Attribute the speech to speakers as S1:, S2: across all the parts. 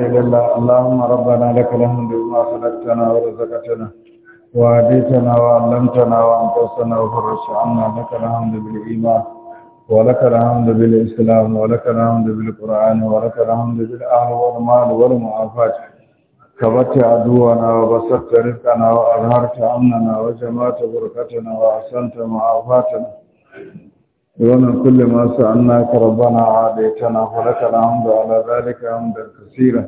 S1: الحمد لله اللهم ربنا لك الحمد بما خلقتنا ورزقتنا وهديتنا وعلمتنا وانقذتنا وفرجت عنا لك الحمد بالايمان ولك الحمد بالاسلام ولك الحمد بالقران ولك الحمد بالاهل والمال والمعافاه كبت عدونا وبسطت رزقنا واظهرت امننا وجمعت بركتنا واحسنت معافاتنا ومن كل ما سألناك ربنا عاديتنا فلك الحمد على ذلك حمدا كثيرا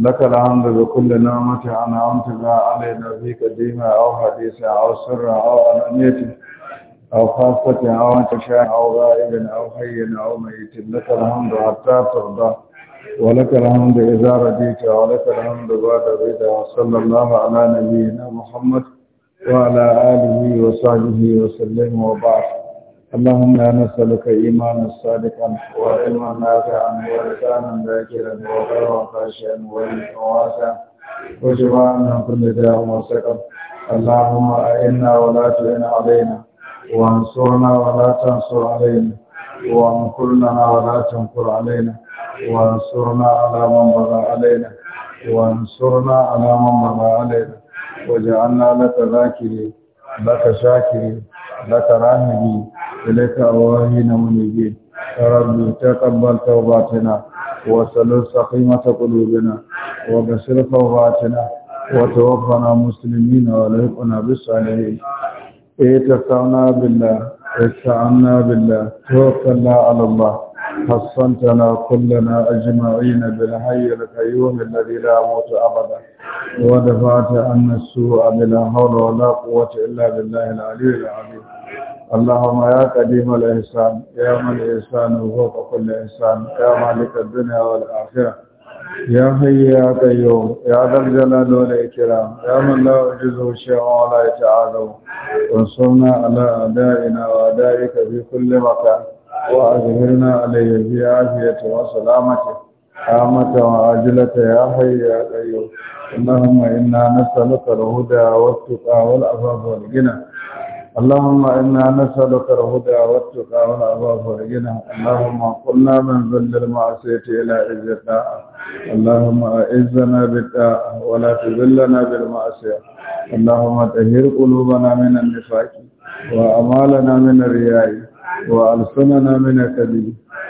S1: لك الحمد بكل نعمة أنعمت بها علينا في قديمة أو حديثة أو سرة أو أنانية أو خاصة أو انتشاء أو غائب أو حي أو ميت لك الحمد حتى ترضى ولك الحمد إذا رضيت ولك الحمد بعد رضا وصلى الله على نبينا محمد وعلى آله وصحبه وسلم وبعث اللهم لا نسألك إيمانا صادقا وعلما نافعا ولسانا ذاكرا وقلبا
S2: خاشعا ورزقا واسعا
S1: وشفاء كل داء وسقم اللهم أئنا ولا تعن علينا وانصرنا ولا تنصر علينا وانكر ولا تنكر علينا وانصرنا على من بغى علينا وانصرنا على من بغى علينا وجعلنا لك ذاكرين لك شاكرين لك راهبين إليك أواهين منيبين ربي تقبل توباتنا وسلل سقيمة قلوبنا وبشر توباتنا وتوفنا مسلمين ولهقنا بالصالحين اتقنا بالله استعنا بالله توكلنا على الله حصنتنا كلنا أجمعين بالحي القيوم الذي لا موت أبدا ودفعت عنا السوء بلا حول ولا قوة إلا بالله العلي العظيم اللهم يا قديم الإحسان يا من الإحسان وفوق كل إحسان يا مالك الدنيا والآخرة يا حي يا قيوم يا ذا الجلال والإكرام يا من لا أجزه شيء ولا يتعاذه وانصرنا على أدائنا وأدائك في كل مكان وأظهرنا عليه في عافيته وسلامته عامة وعاجلة يا حي يا قيوم اللهم إنا نسألك الهدى والتقى والعفاف والغنى اللهم إنا نسألك الهدى والتقى والعفاف والغنى اللهم قلنا من ذل المعصية إلى عزتنا اللهم أعزنا بك ولا تذلنا بالمعصية اللهم تهير قلوبنا من النفاق وأمالنا من الرياء وألسننا من الكذب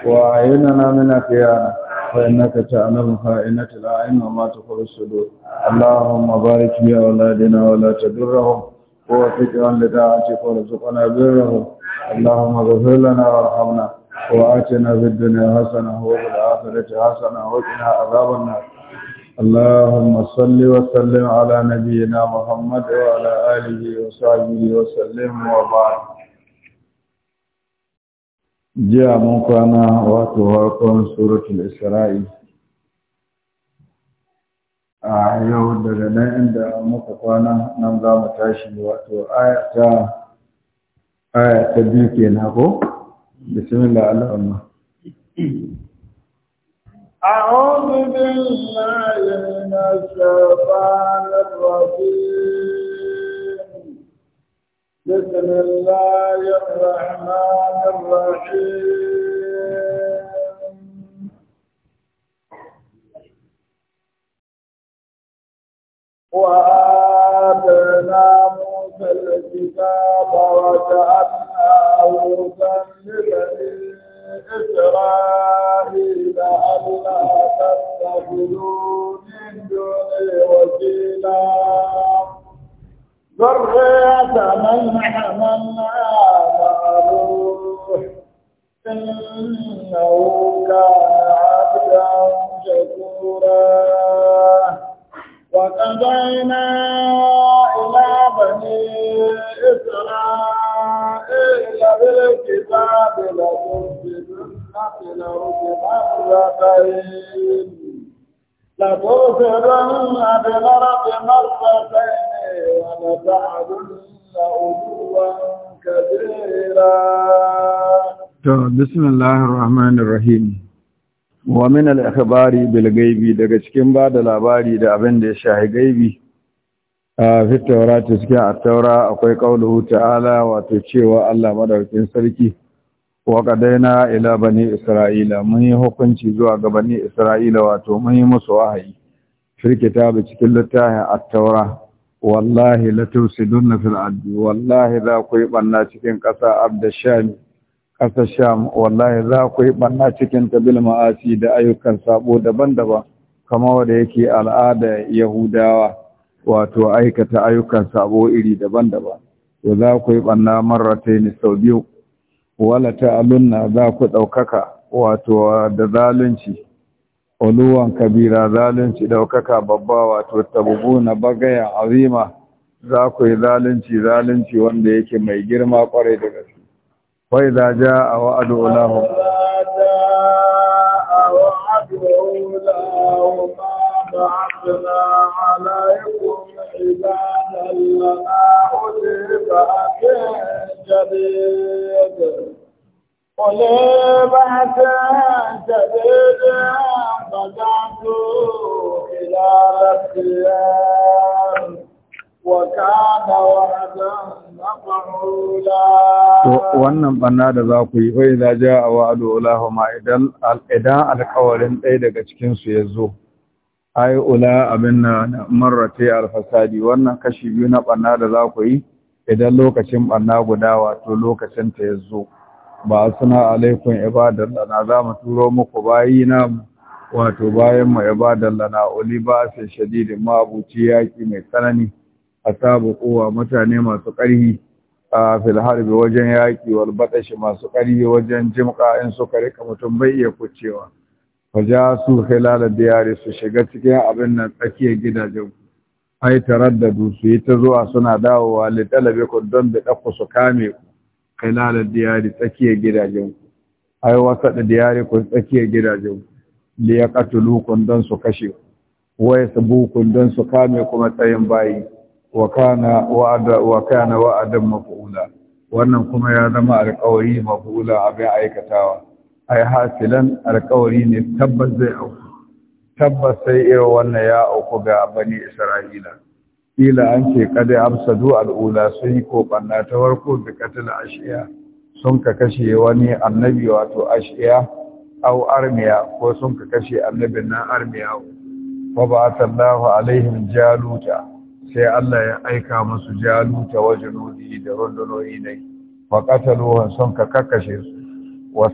S1: وأعيننا من الخيانة فإنك تعلم خائنة العين وما تخرج الصدور اللهم بارك في أولادنا ولا
S2: تضرهم
S1: ووفقنا لطاعتك ورزقنا بره اللهم اغفر لنا وارحمنا وآتنا في الدنيا حسنة وفي الآخرة حسنة وقنا عذاب النار اللهم صل وسلم على نبينا محمد وعلى آله وصحبه وسلم وبعد جاء من كان وقت سورة الإسرائيل a yau daga nan inda muka kwana nan za mu tashi wato aya ta aya ta biyu kenan ko bismillah allahumma
S3: أعوذ بالله من الشيطان الرجيم بسم الله الرحمن الرحيم وآتنا موسى الكتاب وجعلناه هدى لبني إسرائيل ألا تتخذوا من دوني وكيلا ذرية من حملنا مع نوح إنه كان عبدا شكورا وقضينا إلى بني إسرائيل لتفسدن في الأرض مرتين مرتين كبيرا.
S1: بسم الله الرحمن الرحيم. wa min al-akhbari bil gaibi daga cikin ba da labari da abin da ya shahi gaibi a fi taurata cikin at-taura akwai qauluhu ta'ala wato cewa Allah madaukin sarki wa qadaina ila bani isra'ila mun yi hukunci zuwa ga bani isra'ila wato mun yi musu wahayi ta bi cikin littafin at-taura wallahi la fil ardi wallahi za ku yi banna cikin ƙasa abda shami ƙasar sham wallahi za ku yi ɓanna cikin tabil ma'asi da ayyukan sabo daban-daban kama wanda yake al'ada yahudawa wato aikata ayyukan sabo iri daban-daban to za ku yi ɓanna marrataini sau biyu wala ta'alunna za ku ɗaukaka wato da zalunci uluwan kabira zalunci ɗaukaka babba wato tabuguna bagaya azima za ku yi zalunci zalunci wanda yake mai girma kwarai da gaske وإذا جاء وعد أولاهما
S3: بعثنا عليكم عبادا لنا أولي بأس شديد أولي بأس شديد فدعتوا إلى الخيام وكان وعدا
S1: wannan banna da za ku yi wai za ja a wa'adu ulahuma idan alkawarin ɗaya daga cikinsu ya zo ai ula abin na marrate alfasadi wannan kashi biyu na banna da za ku yi idan lokacin banna guda wato lokacin ta ya zo ba suna alaikun ibadar lana za mu turo muku bayi na wato bayan mu ibadar lana uli ba sai shadidin mabuci yaƙi mai tsanani asabu kowa mutane masu ƙarfi a filharbi wajen yaƙi wal baɗashi masu ƙarfi wajen jimƙa in suka rika mutum bai iya kucewa ja su hilala diyari su shiga cikin abin nan tsakiyar gidajen ku. ai taraddadu su yi ta zuwa suna dawowa li talabe ku don da ɗaku su kame ku hilala diyari tsakiyar gidajen ku ai wasa da diyari ku tsakiyar gidajen ku Liya katulu don su kashe ku wai su bukun don su kame kuma tsayin bayi wa kana wa'adin wa'adan maf'ula wannan kuma ya zama alƙawari maf'ula abin aikatawa ai hasilan alƙawari ne tabbas zai auku tabbas sai irin wannan ya auku ga bani isra'ila ila an ce kada absadu al'ula sun yi ko ta farko da katil ashiya sun ka kashe wani annabi wato ashiya au armiya ko sun ka kashe annabin nan armiya wa ba'athallahu alaihim jaluta sai Allah ya aika musu ta wajen nuni da rundunoni ne fa qataluhum sun ka kakkashe su wa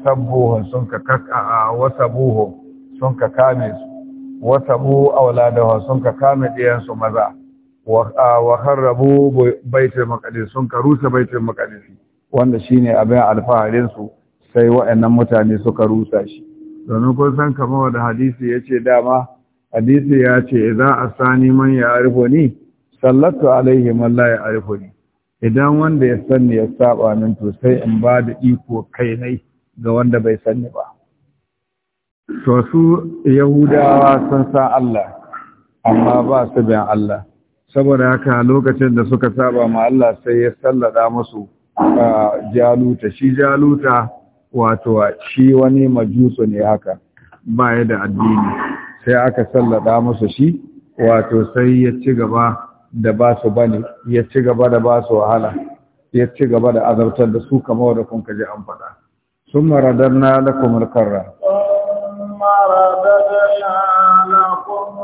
S1: sun ka kakka wa sabuhum sun ka kame su wa sabu awladahum sun ka kame diyan su maza wa harrabu baitul maqdis sun ka rusa baitul maqdis wanda shine abin alfaharin su sai wa'annan mutane suka rusa shi domin kun san kamar wanda hadisi yace dama hadisi ya ce a asani man ya arifo ni sallatu alaihi man la ya'rifuni idan wanda ya sanni ya saba min to sai in ba da iko kai nai ga wanda bai sanni ba to su yahudawa sun san Allah amma ba su bin Allah saboda haka lokacin da suka saba ma Allah sai ya sallada musu jaluta shi jaluta wato shi wani majusu ne haka ba ya da addini sai aka sallada musu shi wato sai ya ci gaba da ba su bane ya ci gaba da ba su wahala ya ci gaba da azabtar da su kamar da kun kaji an faɗa sun maradar na lakumar karra
S3: وأمددناكم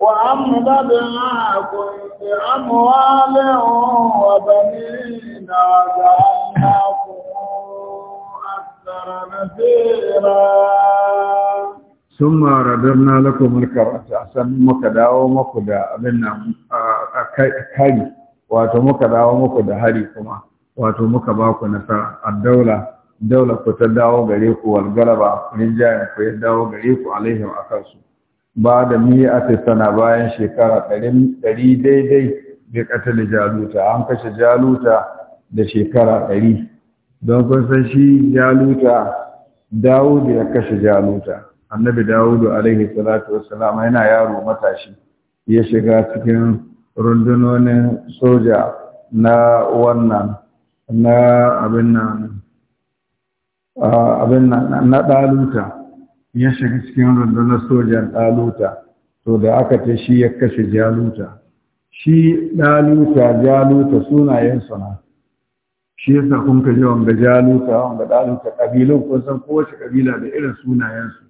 S3: وأمددناكم بأموال وبنين وجعلناكم
S1: sun maradar na lakomar a san muka dawo muku da abin nan a kari wato muka dawo maku da hari kuma wato muka ba ku nasara a daula daula ku ta dawo gare ku walgalaba rinjayen ku ya dawo gare ku alaihim a kansu ba da miya sana bayan shekara ɗari daidai da jaluta an kashe jaluta da shekara ɗari don kun san shi jaluta dawudu ya kashe jaluta annabi dawudu alaihi salatu wassalam yana yaro matashi ya shiga cikin rundunonin soja na wannan na abin nan abin nan na ɗaluta ya shiga cikin rundunar sojan ɗaluta to da aka ce shi ya kashe jaluta shi ɗaluta jaluta sunayen suna shi yasa kun ka ji wanga jaluta wanga daluta kabilun kun san kowace kabila da irin sunayensu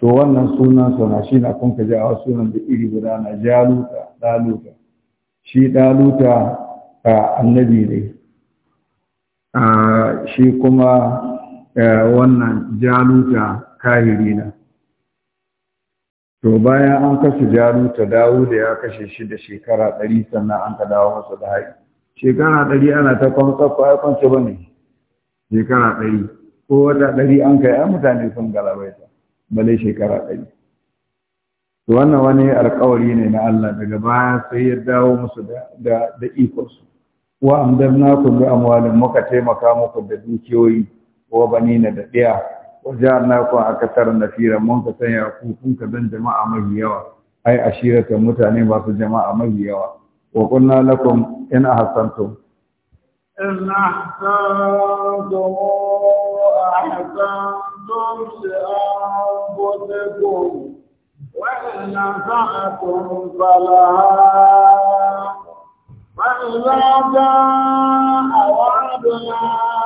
S1: to wannan suna suna shi na kun ka ji a sunan da iri guda na jaluta daluta shi daluta a annabi ne a shi kuma wannan jaluta kahiri na to bayan an kashe jaluta dawo da ya kashe shi da shekara ɗari sannan an ka dawo masa da haƙi shekara ɗari ana ta kwamfafa ya kwanci ba ne shekara ɗari ko wata ɗari an kai an mutane sun galabaita bale shekara ɗari to wannan wani alkawari ne na Allah daga baya sai ya dawo musu da da ikonsu wa ku bi amwalin muka taimaka muku da dukiyoyi wa na da ɗaya wa ja'alnakum na nafira mun ka sanya ku kun ka dan jama'a mai yawa ai ashiratan mutane masu jama'a mai yawa وقلنا لكم إن أحسنتم
S3: إن أحسنتم أحسنتم لأنفسكم وإن نفعتم فلها فإذا جاء وعد الله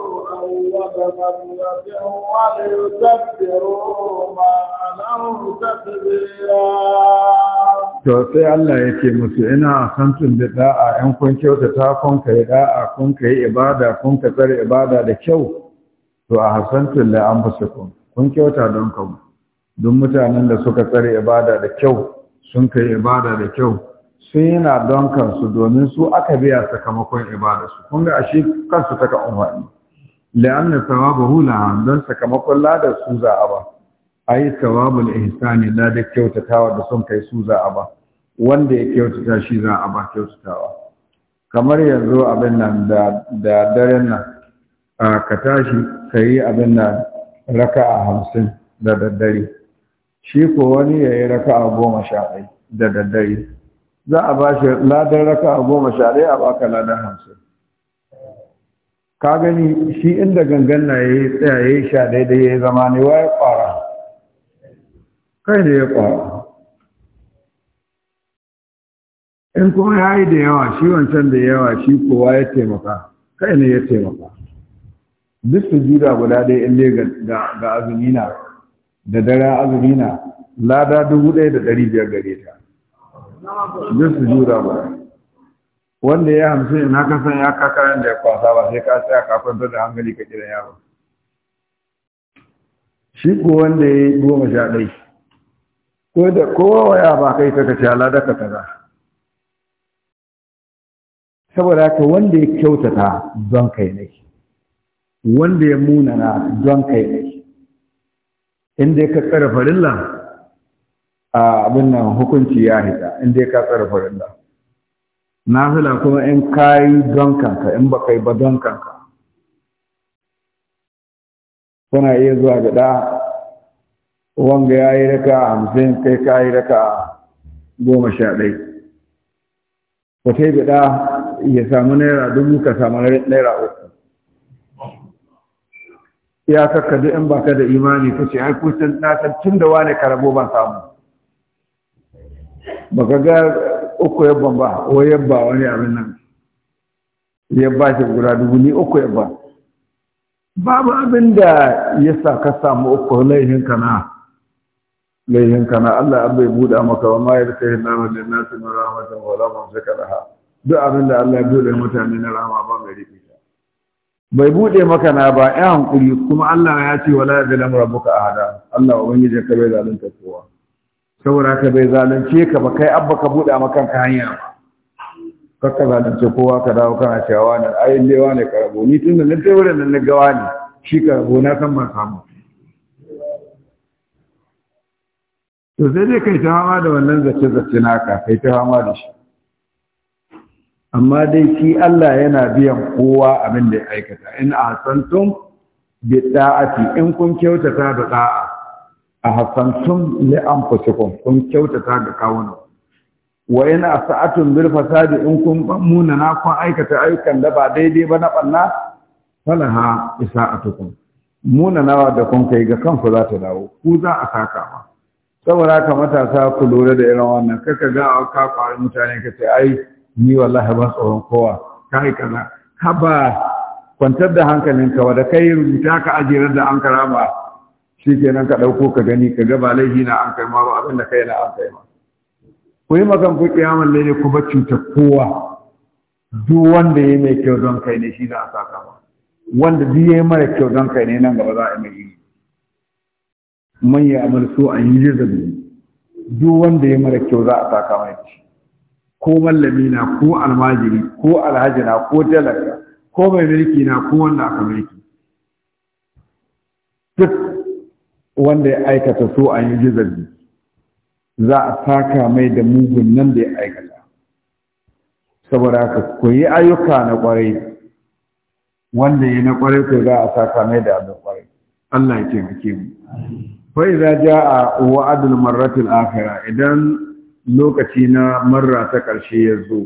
S3: وبمرة
S1: to sai Allah ya ce musu ina santun da da'a ‘yan kun ta kun ka yi da'a kun ka yi ibada kun ka tsare ibada da kyau to a hasantun da an fusa kun kun kyauta don kanku don mutanen da suka tsare ibada da kyau sun ka yi ibada da kyau sun yana don kansu domin su aka biya sakamakon ibada su kun ga ashe kansu taka umarni la'anna thawabahu la dan sakamakon lada su za a ba ai thawabul ihsani ladar kyautatawa da son kai su za ba wanda ya kyautata shi za ba kyautatawa kamar yanzu abin nan da daren nan ka tashi ka yi abin nan raka'a hamsin da daddare shi ko wani ya yi raka'a goma sha ɗai da daddare za a ba shi ladar raka'a goma sha a baka ladar hamsin ka gani shi inda gangan na ya yi tsayaye sha daidai ya yi zama ne wa ya kwara kai da ya kwara in kuma ya yi da yawa shi wancan da yawa shi kowa ya taimaka kai ne ya taimaka duk su da guda ɗaya in dai ga azumi na da daren azumi na lada dubu ɗaya da ɗari biyar gare ta
S3: duk su da
S1: guda wanda ya hamsin in haka san ya kakaran da ya kwasa ba sai ka tsaya ka kwanta da hankali ka kira yaro shi ko wanda ya yi goma sha ɗai ko da kowa ya ba kai ka kace ala da ka kaza saboda ka wanda ya kyautata don kai ne wanda ya munana don kai ne inda ka tsara farilla a abin nan hukunci ya hita inda ka tsara farilla nafila kuma in kayi don kanka in ba kai ba don kanka kuna iya zuwa ga ɗa wanga ya yi raka hamsin kai ka yi raka goma sha ɗai ka sai ga ɗa ya samu naira dubu ka samu naira uku ya kakka duk in baka da imani ka ce ai kusan na san tun da wane karabo ban samu baka ga uku yabban ba o yabba wani abin nan yabba shi guda dubu ni uku yabba babu abin da ya sa ka samu uku laihin kana laihin kana Allah an bai buɗa maka ba ma yarda sai na da nasu na rahmatan wala ka raha duk abin da Allah ya buɗe mutane na rahama ba mai rike bai buɗe maka na ba ƴan hankuri kuma Allah ya ce wala ya zalam rabbuka ahada Allah ubangiji ka bai zalunta kowa saboda ka bai zalunce ka ba kai abba ka buɗe makan ka hanya ba kakka zalunce kowa ka dawo kana cewa na ayin lewa ne karabo ni tun da na wurin nan na gawa ne shi karabo na san ban samu to sai dai kai ta hama da wannan zace zace naka kai ta hama da shi amma dai shi Allah yana biyan kowa abin da ya aikata in santum bi da'ati in kun kyautata da da'a a sun li kun kyautata ga kawunan wa yana sa'atun bil fasadi in kun muna na kun aikata aikan da ba daidai ba na banna falaha isa'atukum muna nawa da kun kai ga kanku za ta dawo ku za a saka ma saboda ka matasa ku lura da irin wannan kaka ga ka kwari mutane ka ce ai ni wallahi ba tsoron kowa kai kaza haba kwantar da hankalinka wa da kai rubuta ka ajiyar da an karama shi nan ka ɗauko ka gani ka gaba laifi na an kai ma ba abin da kai na an kai ma ku yi magan ku kiyaman lalle ku bacci ta kowa duk wanda ya mai kyau don kai ne shi za a saka ma wanda duk ya yi mara kyau don kai ne nan gaba za a yi mai yi man yi amal so an yi jazabi duk wanda ya mara kyau za a saka mai shi ko mallami na ko almajiri ko alhaji na ko talaka ko mai mulki na ko wanda aka mulki duk wanda ya aikata so a yi gizabi za a saka mai da mugun nan da ya aikata saboda haka ku yi ayyuka na kwarai wanda ya na kwarai ko za a saka mai da abin kwarai Allah ya taimake mu fa idza jaa wa'dul marratil akhirah idan lokaci na marra ta karshe ya zo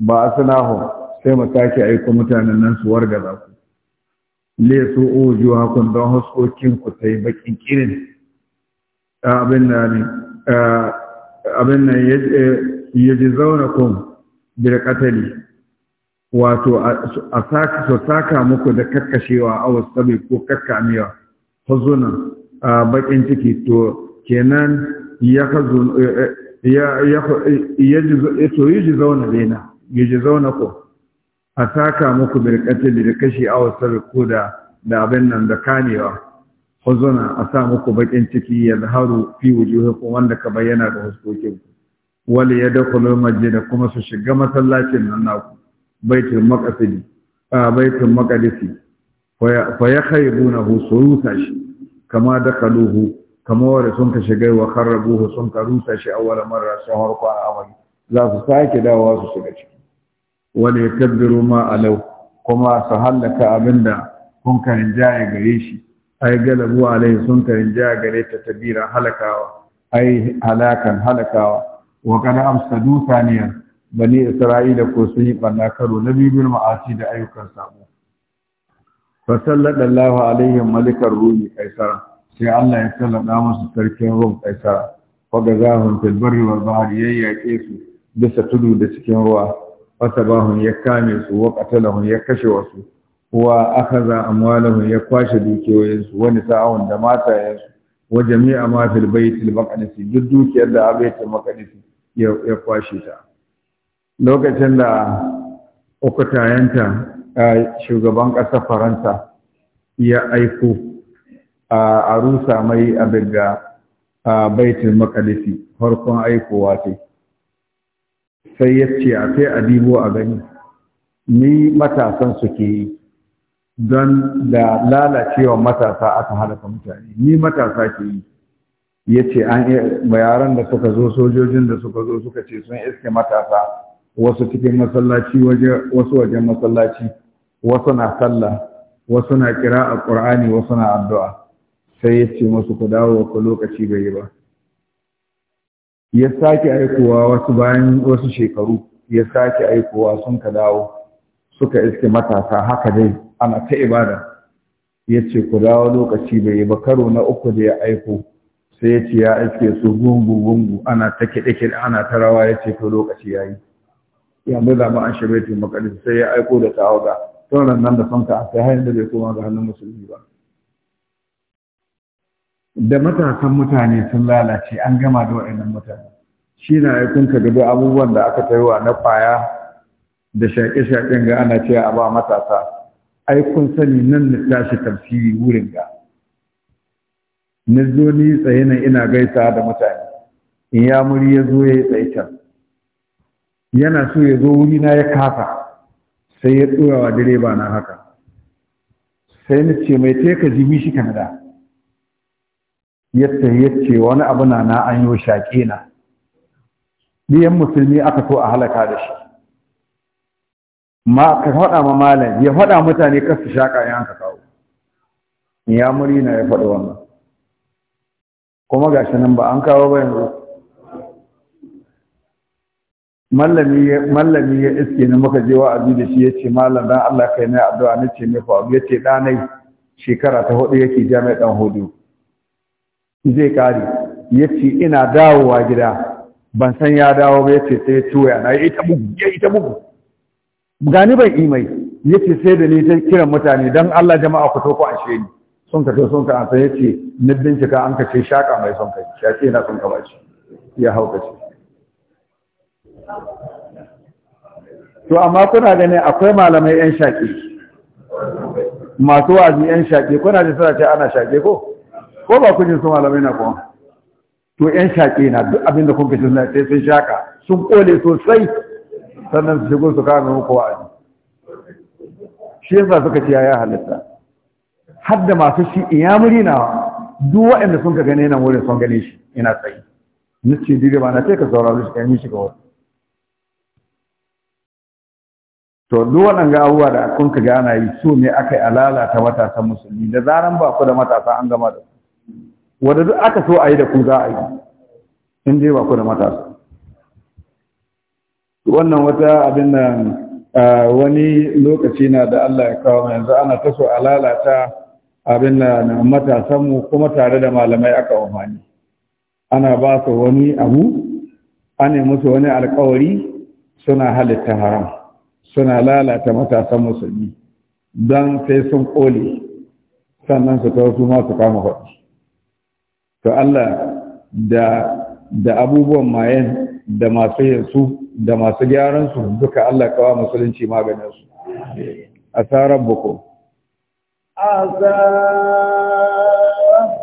S1: ba asnahu sai mu sake aika mutanen nan su wargaza ku le su ujuwa kun don huskokin ku sai bakin kirin abin da ne abin nan ya ji zauna kun bil katali wato a saka so saka muku da kakkashewa a wasabi ko kakkamewa A bakin ciki to kenan ya hazun ya ya ya ji zauna bena ya ji zauna ko a saka muku birkatun da kashi a wasar koda da abin nan da kanewa huzuna a sa muku bakin ciki ya zaharu fi wujuhikum wanda ka bayyana da huskokin ku dako lomaji da kuma su shiga masallacin nan naku baitul maqdisi baitul maqdisi fa yakhaybuna rusa shi kama dakaluhu kama wanda sun ka shiga wa kharrabuhu sun ka rusa shi awwal marra sun harqa awali za su sake dawowa su shiga ciki wani ya Roma ma alau kuma su hallaka abin da sun karin jaya gare shi ai galabu alai sun karin jaya gare ta tabiran halakawa ai halakan halakawa wa Amsa, amsadu saniyar bani isra'ila ko sun yi ɓanna karo na bibin ma'asi da ayyukan sabo fasallada Allah alaihi malikar rumi kaisara sai Allah ya sallada musu sarkin rum kaisara faga zahun fil barri wal bahri yayyake su bisa tudu da cikin ruwa fasabahun ya kame su wa qatalahun ya kashe wasu wa akaza amwalahun ya kwashe dukiyoyinsu wani sa'awun da matayensu wa jami'a ma fil baitil maqdis duk dukiyar da abaita maqdis ya kwashe ta lokacin da ukutayenta shugaban ƙasar faransa ya aiko a rusa mai abin ga baitin maqdis farkon aikowa ce sai ya ce a sai a dibo a gani ni matasan suke yi don da lalacewa matasa aka halaka mutane ni matasa ke yi ya ce an yaran da suka zo sojojin da suka zo suka ce sun iske matasa wasu cikin masallaci wasu wajen masallaci wasu na sallah wasu na kira a ƙur'ani wasu na addu'a sai ya ce masu ku dawo ku lokaci bai yi ba ya sake aikowa wasu bayan wasu shekaru ya sake aikowa sun ka dawo suka iske matasa haka dai ana ta ibada ya ce ku dawo lokaci bai yi ba karo na uku da ya aiko sai ya ce ya iske su gungu gungu ana ta kiɗe ana ta rawa ya ce to lokaci ya yi ya da zama an shirya taimakon sai ya aiko da ta Ta sauran nan da fanka a sai hanyar da bai koma ga hannun musulmi ba da matasan mutane sun lalace an gama da waɗannan mutane shi na aikun ka gado abubuwan da aka taiwa na kwaya da shaƙe-shaƙen ga ana ce a ba matasa aikun sani nan na tashi tafsiri wurin ga na zo ni tsaye nan ina gaisa da mutane in ya muri ya zo ya yi tsaye can yana so ya zo wuri na ya kafa sai ya tsora direba na haka sai na ce mai teka jimi shi kanada yadda yace wani abu na na an yi shaƙe na biyan musulmi aka so a halaka da shi ma ka faɗa ma malam ya faɗa mutane kar su shaƙa ya ka kawo ya muri na ya faɗi wannan kuma shi nan ba an kawo ba yanzu mallami ya mallami ya iske ni muka je wa'azi da shi yace malam dan Allah kai na addu'a nace ne fa yace danai shekara ta hudu yake dan hudu zai kare ya ce ina dawowa gida ban san ya dawo ba ya ce sai ciwo na ya ita bugu ya ita bugu gani ban imai ya ce sai da ni ta kiran mutane don Allah jama'a ku toko ashe ni. sun ka to sun ka an san ya ce na bincika an ka ce shaƙa mai son kai ya ce na son ka ba shi ya hau ka ce to amma kuna gani akwai malamai yan shaƙi masu wa'azi yan shaƙi kuna da suna ce ana shaƙe ko ko ba kun yi su malamai na kuma to yan shaƙe na duk abinda kun fi suna sai sun shaƙa sun ƙone sosai sannan su shigo su kame muku wa'azi
S2: shi yasa suka
S1: ce ya halitta har da masu shi muri na duk waɗanda sun ka gane nan wurin sun gane shi ina tsayi ni ce dire ba na sai ka saurari shi kan yi shi ga wasu to duk waɗanda abubuwa da kun ka gana yi su ne aka yi alalata matasan musulmi da zaran ba ku da matasa an gama da su wanda duk aka so a yi da ku za a yi in dai ba ku da matasa wannan wata abin nan wani lokaci na da Allah ya kawo yanzu ana ta so a lalata abin nan matasanmu kuma tare da malamai aka wafani ana ba su wani abu ana musu wani alkawari suna halitta haram suna lalata matasan musulmi don sai sun kole sannan su kawo su masu kama faɗi to Allah da da abubuwan mayan da masu yansu da masu gyaran su duka Allah kawa musulunci maganin su asarar buku
S3: asarar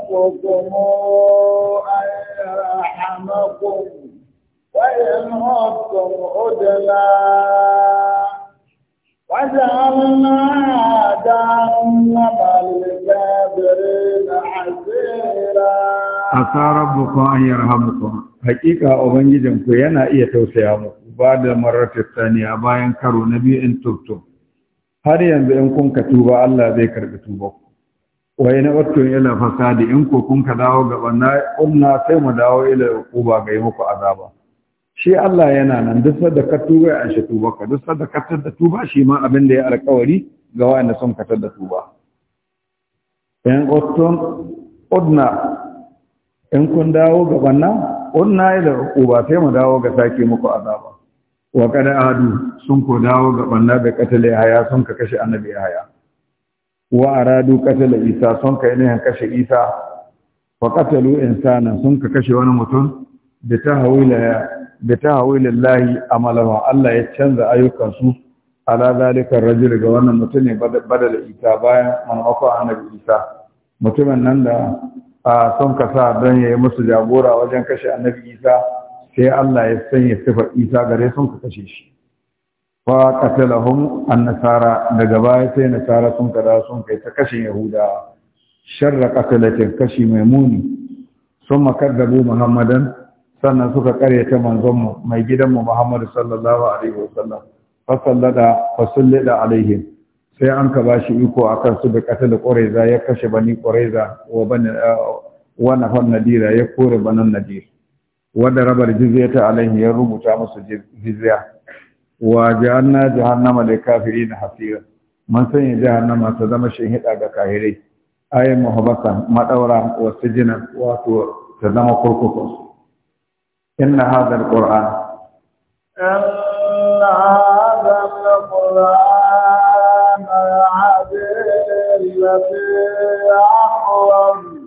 S3: buku رحمكم وإن عدتم na وجعلنا na للكافرين
S1: asa rabbukum an yarhamukum hakika ubangijinku yana iya tausaya muku ba da marratis bayan karo na biyu in tubtum har yanzu in kun ka tuba Allah zai karbi tuba ku wa in ila fasadi in ko kun ka dawo gaba na kunna sai mu dawo ila uquba ga yi muku azaba shi Allah yana nan duk sadda ka tuba ya shi tuba ka duk sadda ka tuba shi ma abin da ya alƙawari ga na sun ka tada tuba Yan ottun udna in kun dawo ga banna udna ila uba sai mu dawo ga sake muku azaba wa kad adu sun ko dawo ga banna da katale haya sun ka kashe annabi haya wa aradu katale isa sun kai ne kashe isa wa katalu insana sun ka kashe wani mutum da tahawila da tahawila Allah amalahu Allah ya canza ayyukan su ala zalika rajul ga wannan mutum ne badal isa bayan manmako annabi isa mutumin nan da a son ka sa don ya yi musu jagora wajen kashe annabi isa sai Allah ya sanya sifar isa gare sun ka kashe shi fa qatalahum an-nasara daga baya sai nasara sun ka da sun kai ta kashe yahuda sharra qatalatin kashi mai muni sun makaddabu muhammadan sannan suka karyata manzon mu mai gidan mu muhammadu sallallahu alaihi wasallam fasallada fasallada alaihim sai an ka ba shi iko akan su da katal quraiza ya kashe bani quraiza wa bani eh, wa nafar nadira ya kore banan nadir wanda rabar jizyata alaihi ya rubuta musu jizya wa da jahannama lil kafirin hasira man sanya jahannama ta zama hida ga kahirai ayin muhabbata madaura wa sijina wato ta zama kurkuku inna hadha alquran
S3: inna الآن هذه التي أحرم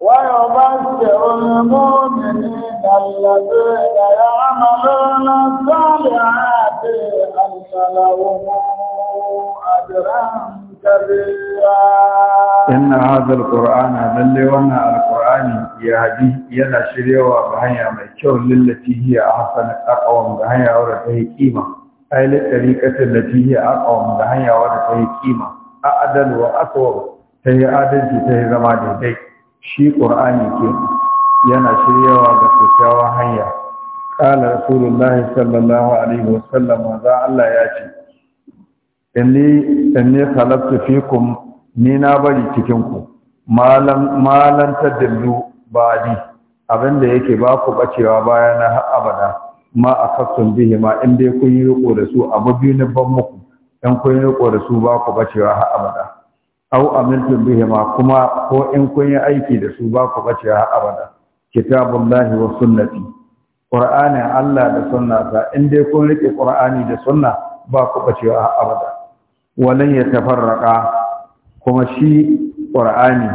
S3: ويبشر المؤمنين الذين يعملون الصالحات أن لهم أجرا كبيرا
S1: إن هذا القرآن للي وانا القرآن يهدي يلا شريوة بهايا ميكو للتي هي أحسن أقوى بهايا ورده قيمة ai li tariqatin lati a aqwam da hanya da ta yi kima a'dal wa aqwa ta yi adalci ta yi zama daidai shi qur'ani ke yana shiryawa ga kyakkyawan hanya qala rasulullahi sallallahu alaihi wa sallam za Allah ya ce inni inni fi kum, ni na bari cikin ku malam malan ba ba'di abinda yake ba ku bacewa bayana har abada ma kafin bihi ma in dai kun yi riko da su abu biyu na ban muku in kun yi riko da su ba ku bacewa har abada aw bihi ma kuma ko in kun yi aiki da su ba ku bacewa har abada kitabullahi wa sunnati qur'ani Allah da sunna ta in dai kun rike qur'ani da sunna ba ku bacewa har abada walan yatafarraqa kuma shi qur'ani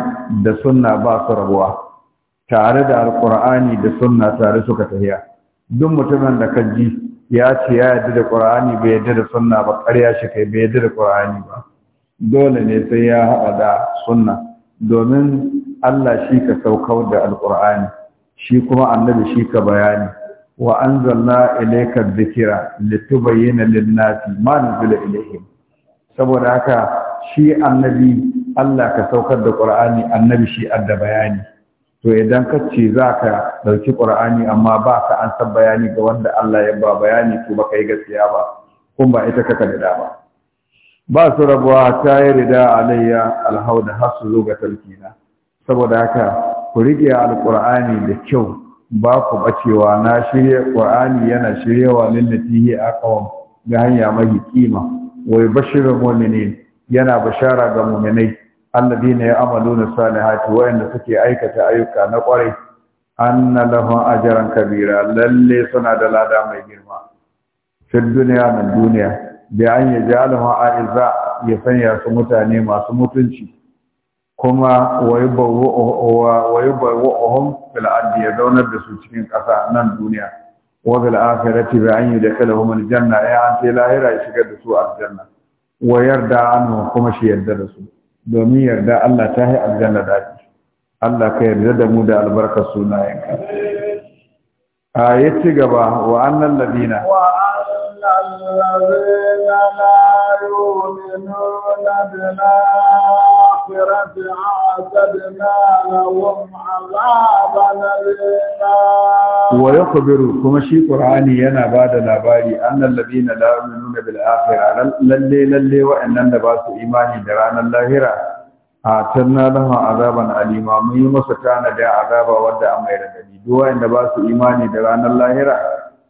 S1: da sunna ba su rabuwa tare da alqur'ani da sunna tare suka tafiya duk mutumin da ka ji ya ce ya yadda da ƙur'ani bai yadda da sunna ba ƙarya shi kai bai yadda da ƙur'ani ba dole ne sai ya haɗa da sunna domin Allah shi ka saukar da alƙur'ani shi kuma annabi shi ka bayani wa anzalna ilayka dhikra litubayyana lin-nasi ma nuzila ilayhim saboda haka shi annabi Allah ka saukar da ƙur'ani annabi shi adda bayani to idan ka ce za ka ɗauki ƙur'ani amma ba ka an san bayani ga wanda Allah ya ba bayani to ba ka yi gaskiya ba kuma ba ita ka da ba ba su rabuwa ta yi rida alayya alhau da har su zo ga talkina saboda haka ku riƙe alƙur'ani da kyau ba ku bacewa na shirya ƙur'ani yana shiryawa lillatihi aqwam ga hanya mahi kima wai bashirin mu'minin yana bashara ga mu'minai alladina ya'maluna salihati wa'anda suke aikata ayyuka na kwarai anna lahum ajran kabira lalle suna da lada mai girma fi duniya min duniya bi an a'iza ya sanya su mutane masu mutunci kuma wayubawwa'uhum fil ardi ya zaunar da su cikin ƙasa nan duniya wa fil akhirati bi an yudkhilahum Janna. ya an ta lahira ya shigar da su aljanna wa yarda anhu kuma shi yarda da su domin yarda Allah ta yi aljanna daɗi Allah ka yarda da mu da albarkar sunayenka a ya ci gaba wa annan ladina
S3: wa annan ladina la yu'minuna الآخرة أعتدنا لهم عذابا أليما
S1: ويخبر كما شي قرآني ينا بعد لاباري أن الذين لا يؤمنون بالآخرة للي للي وإن باس إيماني دران اللاهرة أعتدنا لهم عذابا أليما من يمسكان دا عذابا ودى أمير دليل وإن باس إيماني دران اللاهرة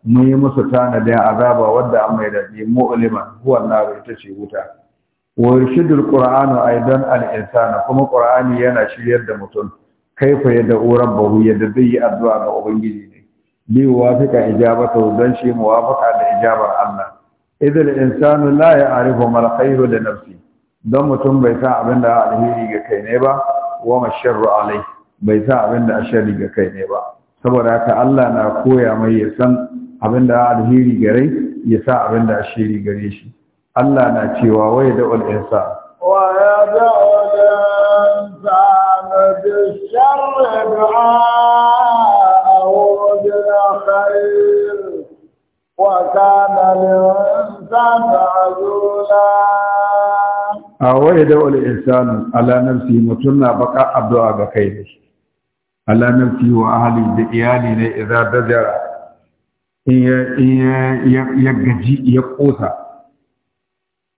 S1: mun yi musu tanadin azaba wadda an mai daɗi mu'uliman huwan na ita ce wuta wa yurshidul qur'anu aidan al insana kuma qur'ani yana shiryar da mutum kaifa da uran bahu yadda zai yi addu'a ga ubangiji ne bi wafika ijabata don shi muwafaka da ijabar Allah idil insanu la ya'rifu mal khayru da nafsi don mutum bai sa abin da alheri ga kai ne ba wa masharru alai bai sa abin da ashari ga kai ne ba saboda haka Allah na koya mai ya san abin da alheri gare ya sa abin da ashiri gare shi Allah na cewa wai da ul insa wa ya da ul insa
S3: na bi sharri du'a wa bil khair wa kana lil insani azula
S1: a wai da ul insanu ala nafsi mutun na baka addu'a ga kai ne ala nafsi wa ahli da iyali ne idza dajara in ya ya gaji ya kosa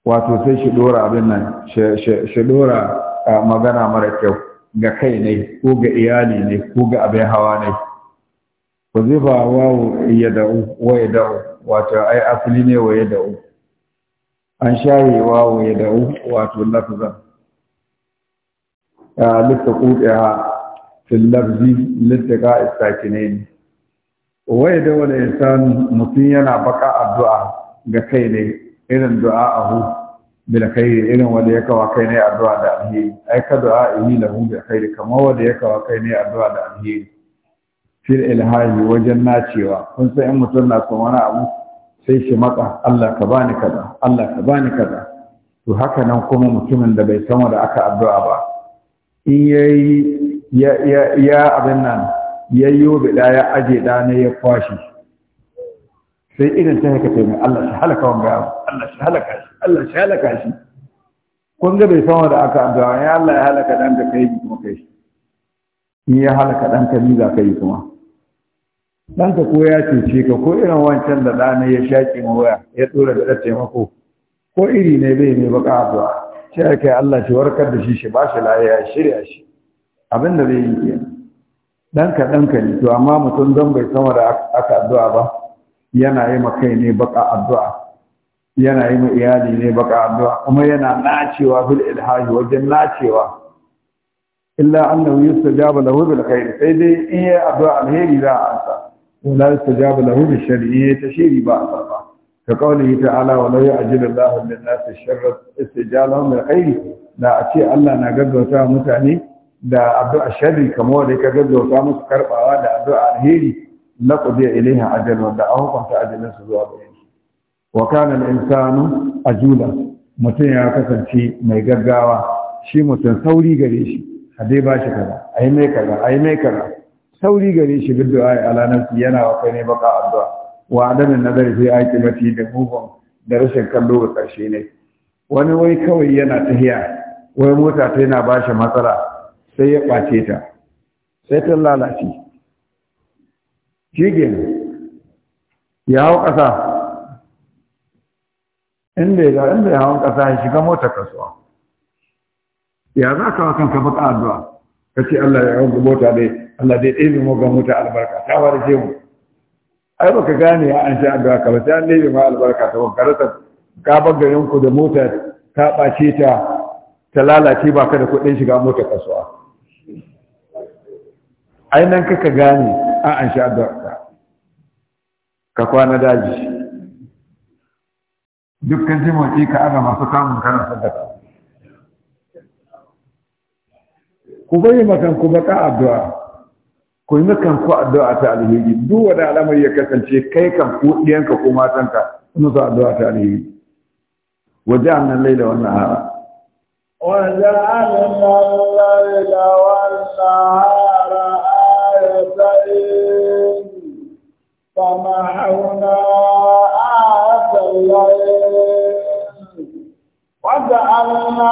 S1: wato sai shi dora abin nan shi dora magana mara kyau ga kai ne ko ga iyali ne ko ga abin hawa ne ku zuba wawo ya da'u wa ya da'u wato ai asali ne wa ya da'u an shaye wawo ya da'u wato lafzan lissa kuɗiya fil lafzi littaka ne
S3: wa ya da'u da insan mutum yana
S1: baka addu'a ga kai ne irin du'a a du'a'ahu bil khairi irin wanda ya kawo kai ne addu'a da alheri ai ka du'a du'a'ihi lahu bil khairi kamar wanda ya kawo kai ne addu'a da alheri fil ilhahi wajen nacewa kun san in mutum na son wani abu sai shi matsa Allah ka bani kaza Allah ka bani kaza to haka nan kuma mutumin da bai san wanda aka addu'a ba in yayi ya ya abin nan yayyo bida ya aje da ne ya kwashi sai irin ta haka ta mai Allah shi halaka wanga yaro Allah shi halaka shi Allah shi halaka shi kun ga bai sama da aka addu'a ya Allah ya halaka dan ka kai kuma kai shi. in ya halaka dan ka ni za ka yi kuma dan ka koya ya cece ka ko irin wancan da dana ya shaƙi ma waya ya dora da taimako ko iri ne bai ne baka addu'a sai kai Allah shi warkar da shi shi ba shi lafiya shirya shi abin da zai yi kenan dan ka dan ka ne to amma mutum don bai sama da aka addu'a ba yana yi ma kai ne baka addu'a yana yi ma iyali ne baka addu'a kuma yana nacewa fil ilhahi wajen nacewa illa annahu yustajaba lahu bil khair sai dai in ya addu'a alheri za a ansa wala yustajaba lahu bil sharri ta shiri ba a sarfa ka kauli ta'ala walau ya'jilu Allahu lin nasi sharra istijalahum bil khair da a ce Allah na gaggauta mutane da addu'a sharri kamar da ka gaggauta musu karbawa da addu'a alheri la qudiya ilaiha ajalun da an hukunta ajalin su zuwa bayan shi wa kana al-insanu ajula mutum ya kasance mai gaggawa shi mutum sauri gare shi Hade ba shi kaza a yi mai kaza a yi mai kaza sauri gare shi bin du'a ala yana wa kai ne baka addu'a wa adamin nazari fi mati da mugun da rashin kallo ga karshe ne wani wai kawai yana tahiya wai mota ta yana ba shi matsala sai ya ɓace ta sai ta lalace shi ya hau ƙasa inda ya inda ya hau ƙasa ya shiga mota kasuwa ya za ka wakan ka baka addu'a ka ce Allah ya hau mota dai Allah dai ɗaya mu mota mota albarka ta wari ce mu ai baka gane ya an sha addu'a ka ba sai an ɗebe ma albarka ta wanka rasa ka bar garin da mota ta ɓace ta ta lalace ba ka da kuɗin shiga mota kasuwa ainihin kaka gane a an sha addu'arka ka kwana daji dukkan jimoki ka aga masu kamun kana sadaka ku bai makan ku baka addu'a ku yi makan ku addu'a ta alheri duk wani al'amari ya kasance kai kan ku ɗiyanka ko matanka sun sa addu'a ta alheri waje nan laila wannan hara
S3: وجعلنا الليل hara. الليل فمحونا آت الليل وجعلنا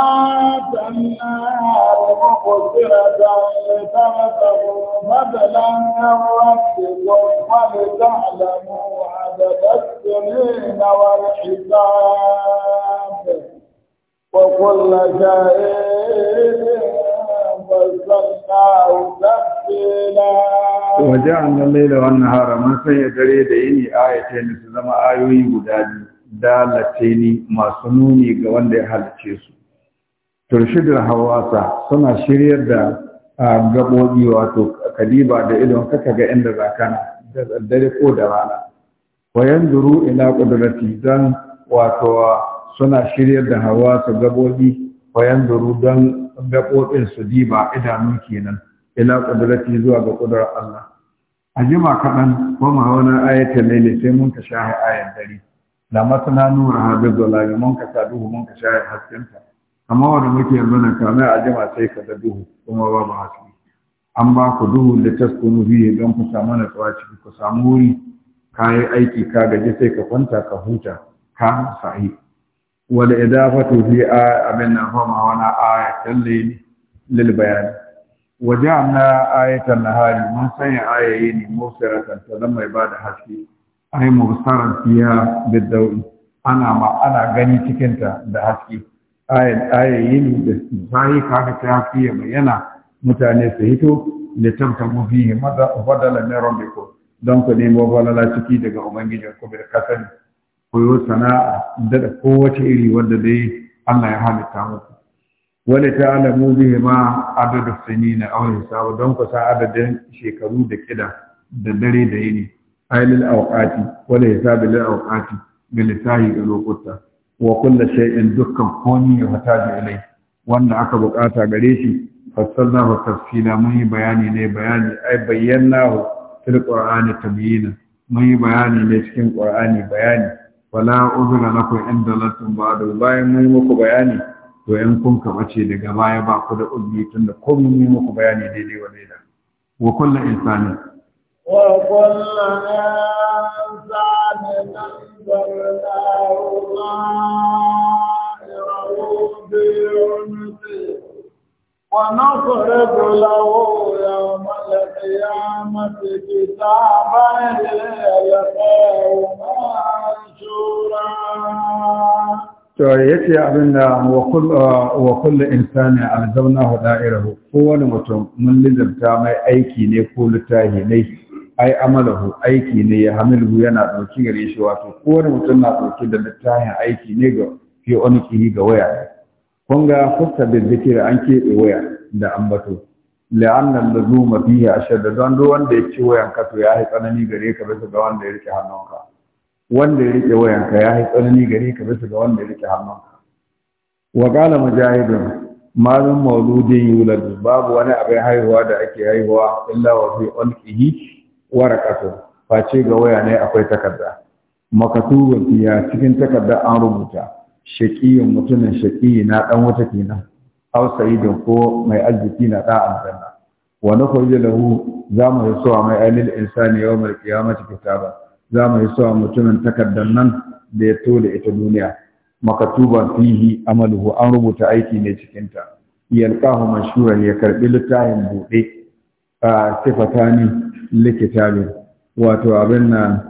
S3: آت النار مبصرة لتبتغوا فضلا من ربكم ولتعلموا عدد السنين والحساب وكل شيء وَيَسَّرْنَاهُ تَسْبِيلًا
S1: وَجَعَلْنَا wannan وَالنَّهَارَ mun sanya dare da yini ne su zama ayoyi guda biyu ni masu nuni ga wanda ya halice su turshidar hawasa suna shiryar da gabobi wato kadiba da idon kaka ga inda zakana da dare ko da rana wayan duru ina qudrati dan wato suna shiryar da hawa su gabobi wayan duru dan gaɓoɓin su ba idanun kenan ila ƙudurati zuwa ga ƙudurar Allah a jima kaɗan ko ma wani ayatul laili sai mun ka shahi ayar dare da masana nura habi zolari mun ka sa duhu mun ka shahi haskenta amma wanda muke yanzu nan a jima sai ka da duhu kuma ba mu haske an ba ku duhu da taskunu biyu don ku samu natsuwa ciki ku samu wuri ka yi aiki ka gaji sai ka kwanta ka huta ka sa'i idan idafatu fi abin nan fama wani a lil lil bayan waja'alna ayatan nahari mun sanya ayayi ne musiratan ta zama mai bada haske ai musaran fiya bidawi ana ma ana gani cikin ta da haske ayayi ne da sai kaga ta haske mai yana mutane su hito litamtamu fihi fadala min rabbikum don ku nemo falala ciki daga ubangijin ku bil kasani koyo sana'a da kowace iri wanda dai Allah ya halitta muku wani ta alamu zai ma adadin sani na auren sabu don ku sa adadin shekaru da kida da dare da yini ailil auqati wala hisabi lil auƙati bil lisahi ga lokuta wa kulla shay'in dukkan komi ya da ilai wanda aka bukata gare shi fassalna wa tafsila mun yi bayani ne bayani ai hu fil qur'ani tabyina mun yi bayani ne cikin qur'ani bayani wala uzra lakum inda latum ba'da bayan mun yi muku bayani to 'yan kun ka daga baya ba ku da tun tunda komai ne muku bayani daidai wa daidai wa kullu insani
S2: wa kullu insani
S3: anzalnahu ma'ahu bi'unsi ونخرج له يوم القيامة كتابا يلقاه منشورا
S1: to yace abinda wa da insani alzamnahu da'irahu wani mutum mun lizarta mai aiki ne ko littafi ne ai amalahu aiki ne ya hamilu yana dauki gare shi wato wani mutum na dauki da littafin aiki ne ga fi oniki ga waya kun ga fuska da zikira an keɓe waya da ambato la'annan lazuma fihi ashadda don duk wanda ya ci wayan ka to ya yi tsanani gare ka bisa ga wanda ya rike hannunka wanda ya rike wayanka ya yi tsanani gare ka bisa ga wanda ya rike hannunka wa qala mujahidun malum mauludin yulad babu wani abin haihuwa da ake haihuwa illa wa fi ulqihi warqatu face ga waya ne akwai takarda makatubun fiya cikin takarda an rubuta shaqiyun mutumin shaqiyi na dan wata kenan aw sa'idun ko mai arziki na da aljanna wa nukhrijuhu zamu yasuwa mai alil insani yawmal qiyamati kitaban za mu yi sawa mutumin takardar nan da ya to da ita duniya makatuba fihi amaluhu an rubuta aiki ne cikinta yalqahu mashhuran ya karbi littafin bude a sifatani likitabi wato abin nan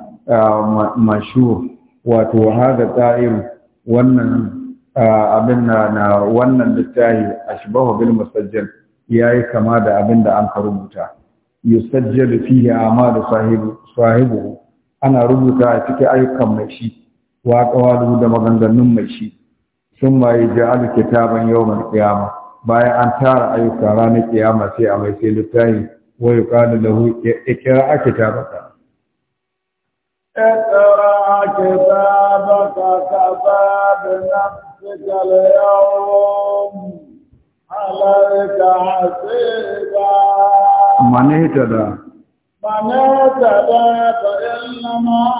S1: mashhur wato hada ta'im wannan abin na wannan littafi ashbahu bil musajjal yayi kama da abin da an karubuta rubuta yusajjalu fihi amalu sahibu sahibu ana rubuta a cikin ayyukan mai shi wa da maganganun mai shi
S3: sun ma yaj'alu kitaban yawon kiyama bayan an tara ayyuka ranar kiyama sai a mai sai littafi
S1: wa yuqalu lahu ikra
S2: kitabaka
S3: اقرأ كتابك كفى بنفسك اليوم عليك حسيبا da. فمن اهتدى فإنما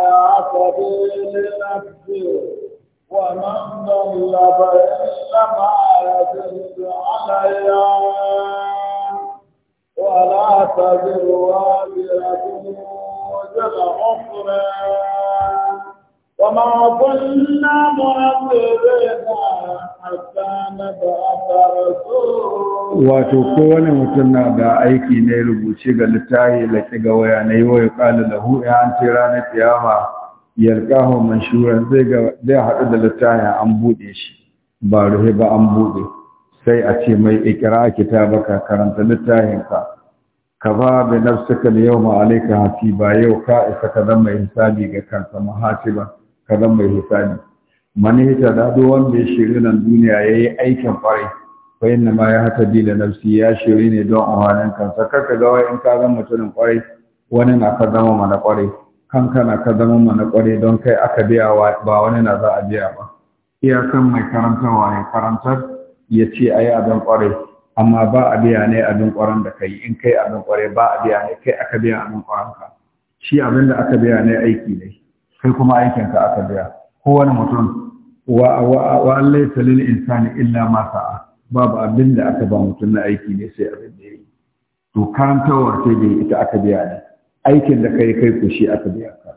S3: يهتدي لنفسه ومن ضل فإنما يضل عليها ولا تزر وازرة وزر أخرى
S2: وما كنا معذبين
S3: حتى نبعث رسولا
S1: wato kowane mutum na da aiki ne rubuce ga littafi da ga waya na yi waya kala da ya an ce ranar kiyama yalkahu manshuran zai ga zai haɗu da littafin an buɗe shi ba ruhe ba an buɗe sai a ce mai ikira ka karanta ka. Ka ba kafa bi nafsika yau ma alayka ba yau ka isa ka zama hisabi ga kansa mahatiba Kazan mai mai hisabi manita da duk wanda ya shiri nan duniya ya yi aikin kwarai fa inna ma ya hata da nafsi ya shiri ne don amfanin kansa kar ka ga in ka zama mutumin kwarai wani na ka zama mana kwarai kanka na ka zama mana kwarai don kai aka biya ba wani na za a biya ba iyakan mai karantarwa ne karantar ya ce a yi abin kwarai amma ba a biya ne abin kwaran da kai in kai abin kwarai ba a biya ne kai aka biya abin ka shi abin da aka biya ne aiki ne kai kuma aikinka aka biya kowane mutum wa wa laisa lil insani illa ma sa'a babu abin da aka ba mutum na aiki ne sai abin da yayi to karantawar sai dai ita aka biya ne aikin da kai kai ko shi aka biya ka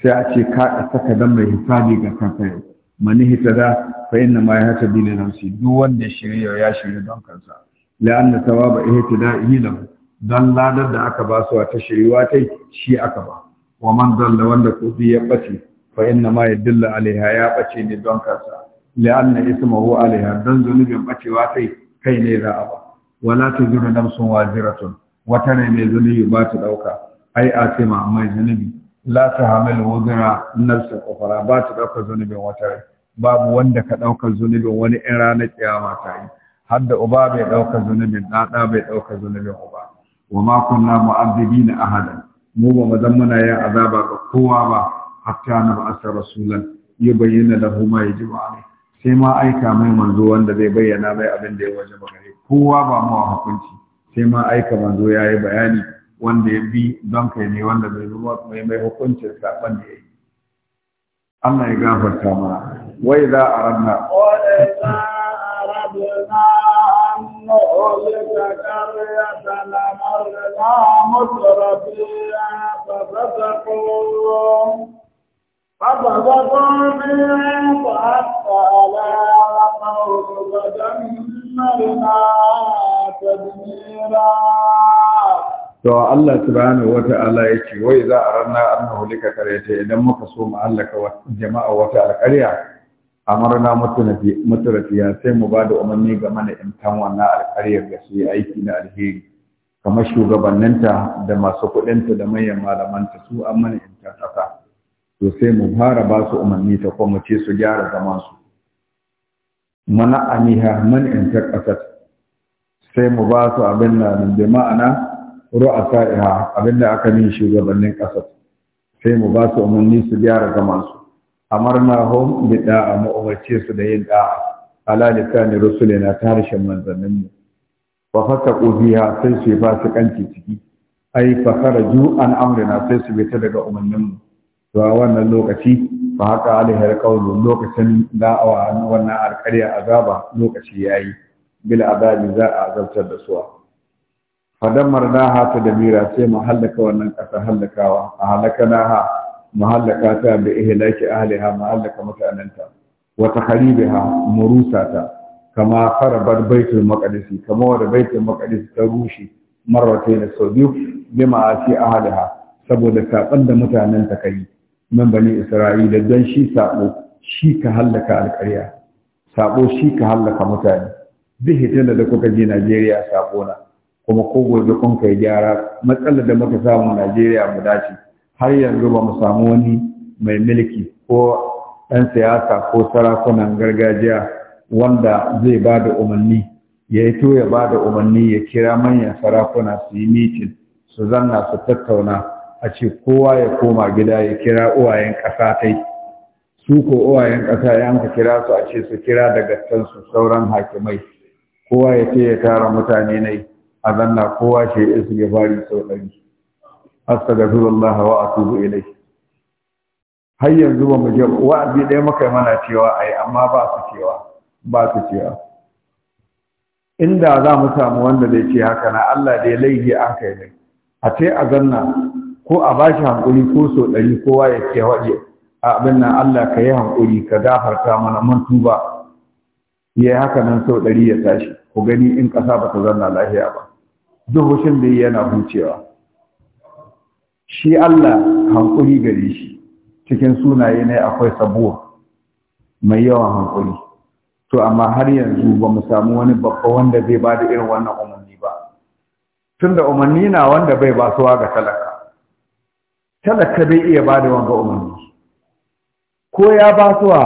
S1: sai a ce ka saka dan mai hisabi ga kanka yau mani hitada fa inna ma yahtabi li nafsi duk wanda shirya ya shirya don kansa la'anna thawaba ihtida'ihi lahu dan ladar da aka ba su ta shiriwa tai shi aka ba wa man dalla wanda bi ya bace fa inna ma yadilla alaiha ya bace ne don kansa la'anna ismuhu alaiha dan zunubin bacewa sai kai ne za a ba wala tuziru sun waziratun wata ne mai zunubi ba ta dauka ai asima mai zunubi la ta hamilu wuzira nafsa kufara ba ta dauka zunubin wata rai babu wanda ka ɗauka zunubin wani in ranar kiyama ta yi har da uba bai ɗauka zunubin ɗaɗa bai ɗauka zunubin uba wa ma kunna mu'azzibina ahadan mu ba mu zan muna yin azaba ga kowa ba hatta na ba'asa rasulan ya bayyana huma ya ji ba sai ma aika mai manzo wanda zai bayyana mai abin da ya waje ba gare kowa ba mu hukunci sai ma aika manzo ya yi bayani wanda ya bi don kai ne wanda bai zuwa mai mai hukuncin saban da ya yi Allah ya gafarta mana wai za a ranar. wai za a ranna مهلك
S3: قرية أمرنا مترفيا ففسقوا ففسقوا فيها فحق عليها قول فدمرنا تدميرا
S1: to Allah subhanahu wata'ala yace wai za a ranna annahu lika qaryata idan muka so mu halaka jama'a wata alqarya amarna mutarafiya sai mu ba da umarni ga mana tan wannan alƙaryar da su yi aiki na alheri kamar shugabanninta da masu kuɗinta da manyan malamanta su an mana ta ƙasa to sai mu fara ba su umarni ta kuma ce su gyara zaman su mana aniha man ta ƙasar sai mu ba su abin nan da ma'ana ru'asa abin da aka yi shugabannin ƙasar sai mu ba su umarni su gyara zaman su amarnahum bi da'a mu umarce su da yin da'a ala lisani rusulina ta harshen mu wa fasaqu biha sai su kanci ciki ai fa kharaju an amrina sai su bita daga umarninmu to a wannan lokaci fa haka alaihi qawlu lokacin da'awa wannan alƙarya azaba lokaci yayi bil azabi za a azabtar da su fadammar naha da dabira sai mu hallaka wannan ƙasa hallakawa a halakanaha mahallaka ta bi ihlaki ahliha mahallaka
S2: mutananta
S1: wa takharibiha murusata kama kharabat baitul maqdis kama wa baitul maqdis ta rushe marratayn sau biyu bi ahliha saboda saban da mutanen ta kai min bani isra'ila dan shi sabo shi ka hallaka alqarya sabo shi ka hallaka mutane Bihi, hitar da kuka je Najeriya sabo na kuma ko gobe kun kai gyara matsalar da muka samu Najeriya mu dace har yanzu ba mu samu wani mai mulki ko ɗan siyasa ko sarakunan gargajiya wanda zai ba da umarni ya yi to ya ba da umarni ya kira manyan sarakuna su yi mitin su zanna su tattauna a ce kowa ya koma gida ya kira uwayen ƙasa tai su ko uwayen ƙasa ya ka kira su a ce su kira daga can su sauran hakimai kowa ya ce ya tara mutane nai a zanna kowa shi ya isu ya bari sau ɗari astaghfirullah wa atubu ilayhi har yanzu ba mu je wa'azi ɗaya muka yi mana cewa ai amma ba su cewa ba su cewa inda za mu samu wanda zai ce haka na Allah dai ya laifi an kai ne a ce a zanna ko a ba shi hankuri ko so ɗari kowa ya ce waje a abin nan Allah ka yi hankuri ka gafarta mana mun tuba ya yi haka nan ɗari ya tashi ku gani in ƙasa ba ta zanna lafiya ba duk hushin da yana hucewa shi Allah hankuri gare shi cikin sunaye ne akwai sabuwa mai yawan hankuri to amma har yanzu ba mu samu wani babba wanda zai ba da irin wannan umarni ba tunda umarni na wanda bai ba suwa ga talaka talaka zai iya ba da wanga umarni ko ya ba suwa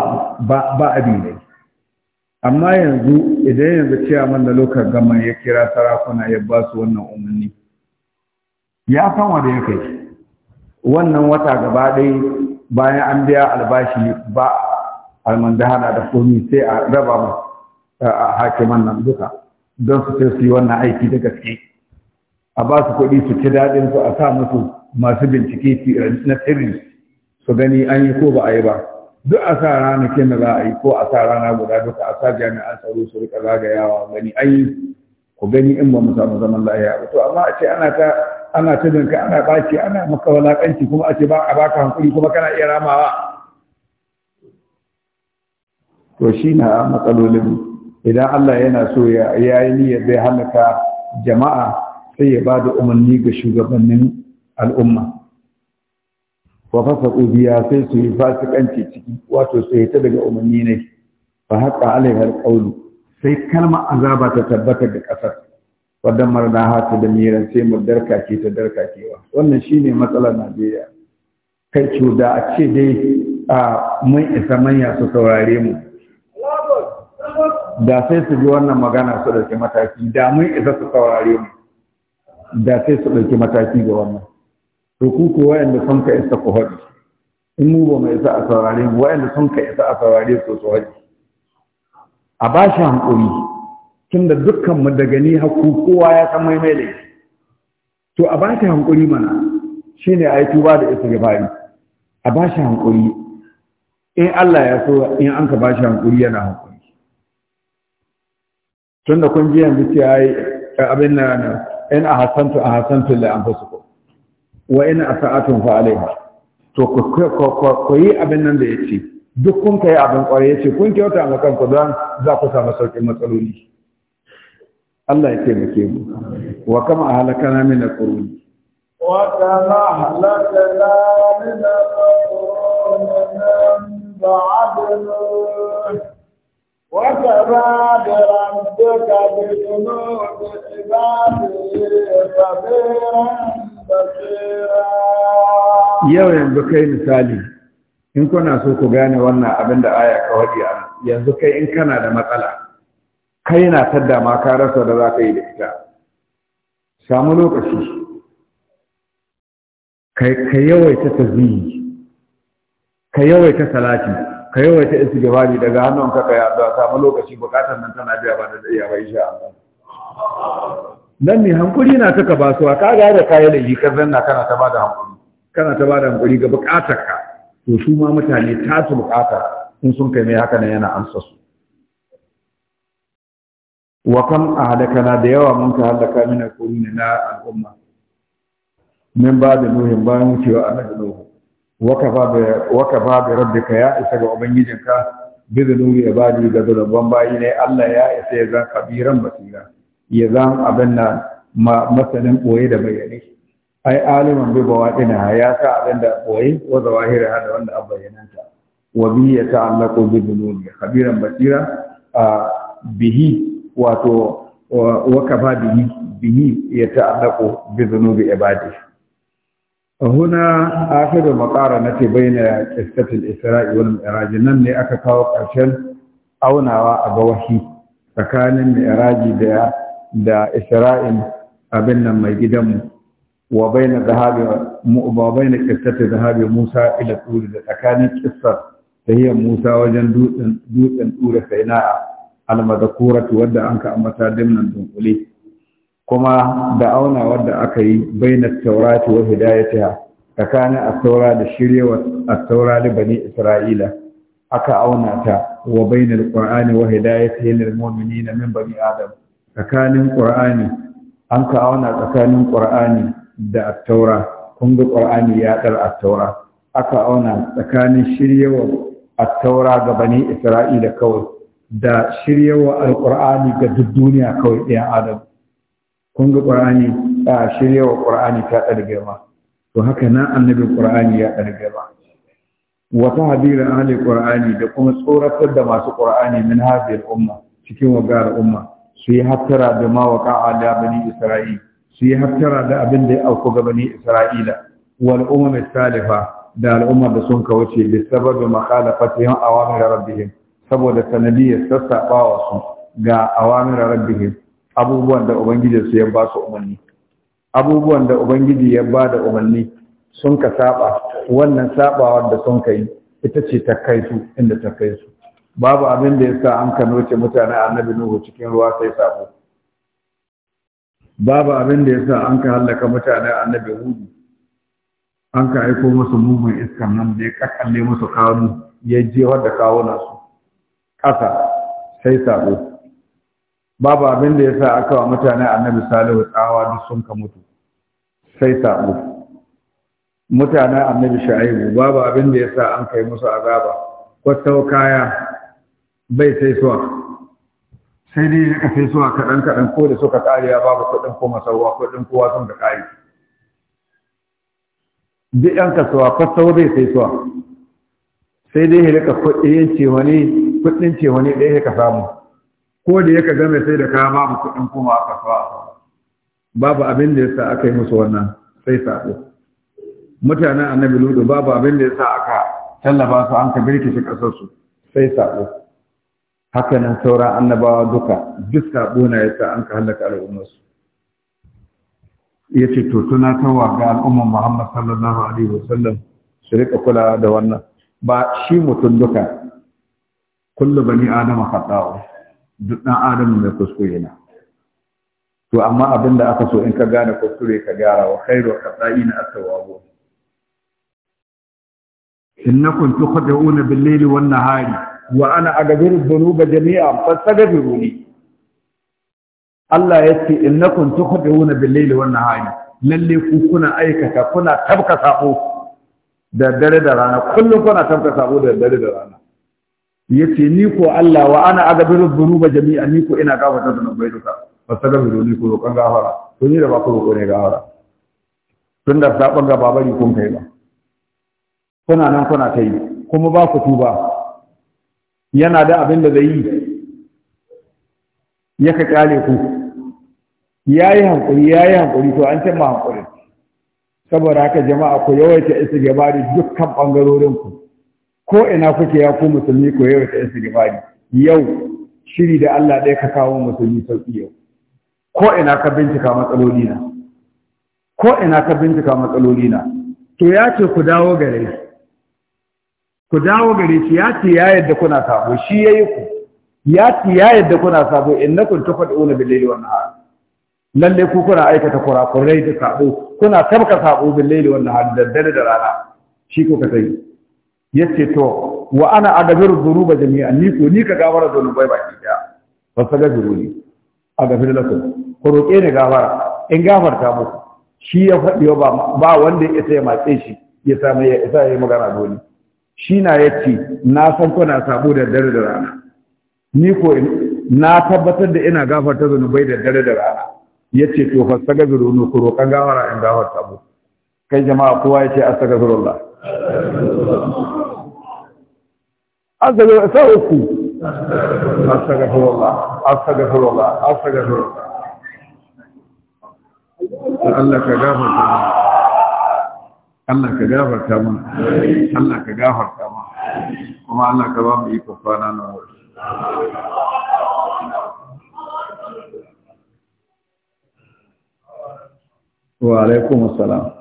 S1: ba abi ne amma yanzu idan yanzu man da lokar gama ya kira sarakuna ya ba su wannan umarni ya san wanda ya kai wannan wata gaba ɗaya bayan an biya albashi ba almandahana da komi sai a raba mu a hakiman nan duka don su ce wannan aiki da gaske a ba su kuɗi su ci daɗin su a sa musu masu bincike na sirri su gani an yi ko ba a yi ba duk a sa ranakin da za a yi ko a sa rana guda duka a sa jami'an tsaro su rika zagayawa gani an yi ku gani in ba mu samu zaman lafiya to amma a ce ana ta ana ka ana baki ana maka walaƙanci kuma a ce ba a baka hankuri kuma kana iya ramawa to shi na matsalolin idan Allah yana so ya yi niyyar zai halaka jama'a sai ya ba da umarni ga shugabannin al'umma wa fasa ƙubiya sai su yi fasikanci ciki wato su ta daga umarni ne ba haƙa alaihar ƙaunu sai kalmar azaba ta tabbata da ƙasar wadamar na hata da miran sai mu darkake ta darkakewa wannan shine matsalar najeriya kai da a ce dai a mun isa manya su saurare mu
S3: da sai su ji wannan magana
S1: su ɗauki mataki da mun isa su saurare mu da sai su ɗauki mataki ga wannan to ku ko wanda sun ka isa ku haɗu in mu ba mu isa a saurare mu wanda sun ka isa a saurare su su haɗu a bashi shi hankuri tunda dukkan mu daga ni kowa ya san mai mai laifi to a ba shi hankuri mana shine yi tuba da istighfari a ba shi hankuri in Allah ya so in an ka ba shi hankuri yana hankuri tunda kun ji yanzu ce yi abin na yana in da an li anfusikum wa in sa'atun fa alayha to ku yi abin nan da ya ce. duk kun yi abin kwarai ce, kun kyauta ma kanku don za ku samu sauƙin matsaloli Allah ya taimake mu wa kama na min al-qurun
S3: wa kama ahlakana min al-qurun ba'dun wa kama rabbuka bi-dhunubi ibadihi khabiran
S1: Yau yanzu kai misali, in kuna so ku gane wannan abin da aya ka waɗi yanzu kai in kana da matsala, kai na tadda ma ka rasa da za ka yi da ita samu lokaci ka yawaita tazihi ka yawaita salati ka yawaita istighfari daga hannun ka zuwa samu lokaci bukatar nan tana biya ba da iya ba insha Allah Nan ne hankuri na taka basuwa ka ga da kayan da yi ka zanna kana ta bada hankuri kana ta bada hankuri ga bukatar ka to su ma mutane ta su bukata in sun kai mai haka nan yana amsa su wa kam ahlakana da yawa mun ka halaka min alqurun na al'umma min ba da nuhin bayan wucewa annabi nuhu wa ka ba wa rabbika ya isa ga ubangijinka bi ni da da babban bayi ne Allah ya isa ya zan kabiran basira ya zan abin nan masanin boye da bayani. ai aliman bi bawadina ya sa abin da boye wa zawahira da wanda abbayyananta wa bi ya ta'allaqu bi dunubi khabiran basira bihi wato waka ba bihi bihi ya ta'allaqu bi dhunubi ibadi huna na maqaranati baina qissati al-isra'i wal mi'raj nan ne aka kawo karshen aunawa a ga wahi tsakanin mi'raji da da isra'in abin nan mai gidanmu wa baina dhahabi wa baina qissati dhahabi musa ila tur da tsakanin qissar tahiyar musa wajen dutsen dutsen tura saina'a almadakuratu wadda an ka ambata dimnan dunkule kuma da auna wadda aka yi bainar taurati wa hidayatiha tsakanin at-taura da shiryewa at-taura li bani isra'ila aka auna ta wa bainar qur'ani wa hidayatihi lil mu'minina min bani adam tsakanin qur'ani an ka auna tsakanin qur'ani da at-taura kun ga qur'ani ya dar at-taura aka auna tsakanin shiryewa at-taura ga bani isra'ila kawai da shiryawa Alƙur'ani ga duk duniya kawai ɗayan adam kun ga qur'ani a shiryawa ƙur'ani ta ɗarge ma to haka na annabi ƙur'ani ya ɗarge Wata hadira tahdira ahli ƙur'ani da kuma tsoratar da masu ƙur'ani min hadhihi umma cikin wagar umma su yi hattara da ma waqa'a da bani isra'il su yi hattara da abin da ya auku ga bani isra'ila wal mai salifa da al'ummar da sun kawace bi sababi makhalafatihim awamir rabbihim saboda sanadiyar sassaɓawa su ga awamira rabbihim abubuwan da ubangiji su ya ba su umarni abubuwan da ubangiji ya ba da umarni sun ka saba wannan sabawar da sun ka yi, ita ce ta kai su inda ta kai su babu abin da yasa an kano ce mutane annabi nuhu cikin ruwa sai sabo babu abin da yasa an ka hallaka mutane annabi hudu an ka aiko musu mugun iskan nan da ya kakkalle musu kawunu ya je da kawo su ƙasa sai saɓo. babu abin da ya sa aka wa mutane annabi salihu tsawa duk sun ka mutu sai saɓo. mutanen annabi sha'ibu babu abin da ya sa an kai musu azaba kwattau kaya bai sai suwa sai dai ya rika sai suwa kaɗan kaɗan ko da suka ƙariya babu kuɗin ko masarwa kuɗin kowa sun da ƙari duk 'yan kasuwa kwattau bai sai suwa sai dai ya rika kuɗi yin ce wani kudin ce wani ɗaya ya ka samu ko da ya ka game sai da kama babu kudin kuma aka sa. babu abin da yasa aka yi musu wannan sai sabo mutanen annabi ludu babu abin da yasa aka tallaba su an ka birkice kasar su sai sabo haka nan sauran annabawa duka duk sabo na yasa an ka halaka al'ummar su yace to tunatarwa ga al'ummar Muhammad sallallahu alaihi wasallam su rika kula da wannan ba shi mutum duka kullu bani adama khata'u duk dan adam mai kuskure na to amma abin da aka so in ka gane kuskure ka gyara wa khairu khata'ina at-tawwabun innakum tukhada'una bil-layli wan-nahari wa ana aghfiru dhunuba jami'an fastaghfiruni Allah yace innakum tukhada'una bil-layli wan-nahari lalle ku kuna aikata kuna tabka sabo da dare da rana kullum kuna tabka sabo da dare da rana yace ni ko Allah wa ana agabiru ba jami'a ni ko ina da zunubai duka ba fastaghfiru ni ko roƙon gafara to ni da ba ku roƙo ne gafara tun da zaɓen ga babari kun kai ba kuna nan kuna ta yi kuma ba ku tuba yana da abin da zai yi ya ka kyale ku ya yi hankuri ya yi hankuri to an cimma hankuri saboda haka jama'a ku yawaita isa gabari dukkan ɓangarorin ku ko ina kuke ya ku musulmi ko yau ta istighfari yau shiri da Allah ɗaya ka kawo musulmi sauki yau ko ina ka bincika matsaloli na ko ina ka bincika matsaloli na to ya ce ku dawo gare shi ku dawo gare shi ya ce ya yadda kuna sabo shi yayi ku ya ce ya yadda kuna sabo innakum tafaduna bil layli wan nahar lalle ku kuna aikata kurakurai da sabo kuna tabka sabo bil layli wan nahar da dare da rana shi ko ka sai yace to wa ana zuru ba jami'a ni ko ni ka zuru bai baki daya fa saga ne a gafir lakum ko roƙe ne gafara in gafarta mu. shi ya faɗi ba ba wanda ya sai matse shi ya samu ya isa ya yi magana dole shi na ce na san kuna sabo da dare da rana ni ko na tabbatar da ina gafarta zunubai da dare da rana yace to fa saga dhuruni ko roƙan gafara in gafarta mu. kai jama'a kowa ya yace astaghfirullah azzaga sa uku astaghfirullah astaghfirullah astaghfirullah Allah ka gafarta Allah ka gafarta mana Allah ka gafarta mana kuma Allah ka ba mu iko kwana na wuri wa alaikum assalam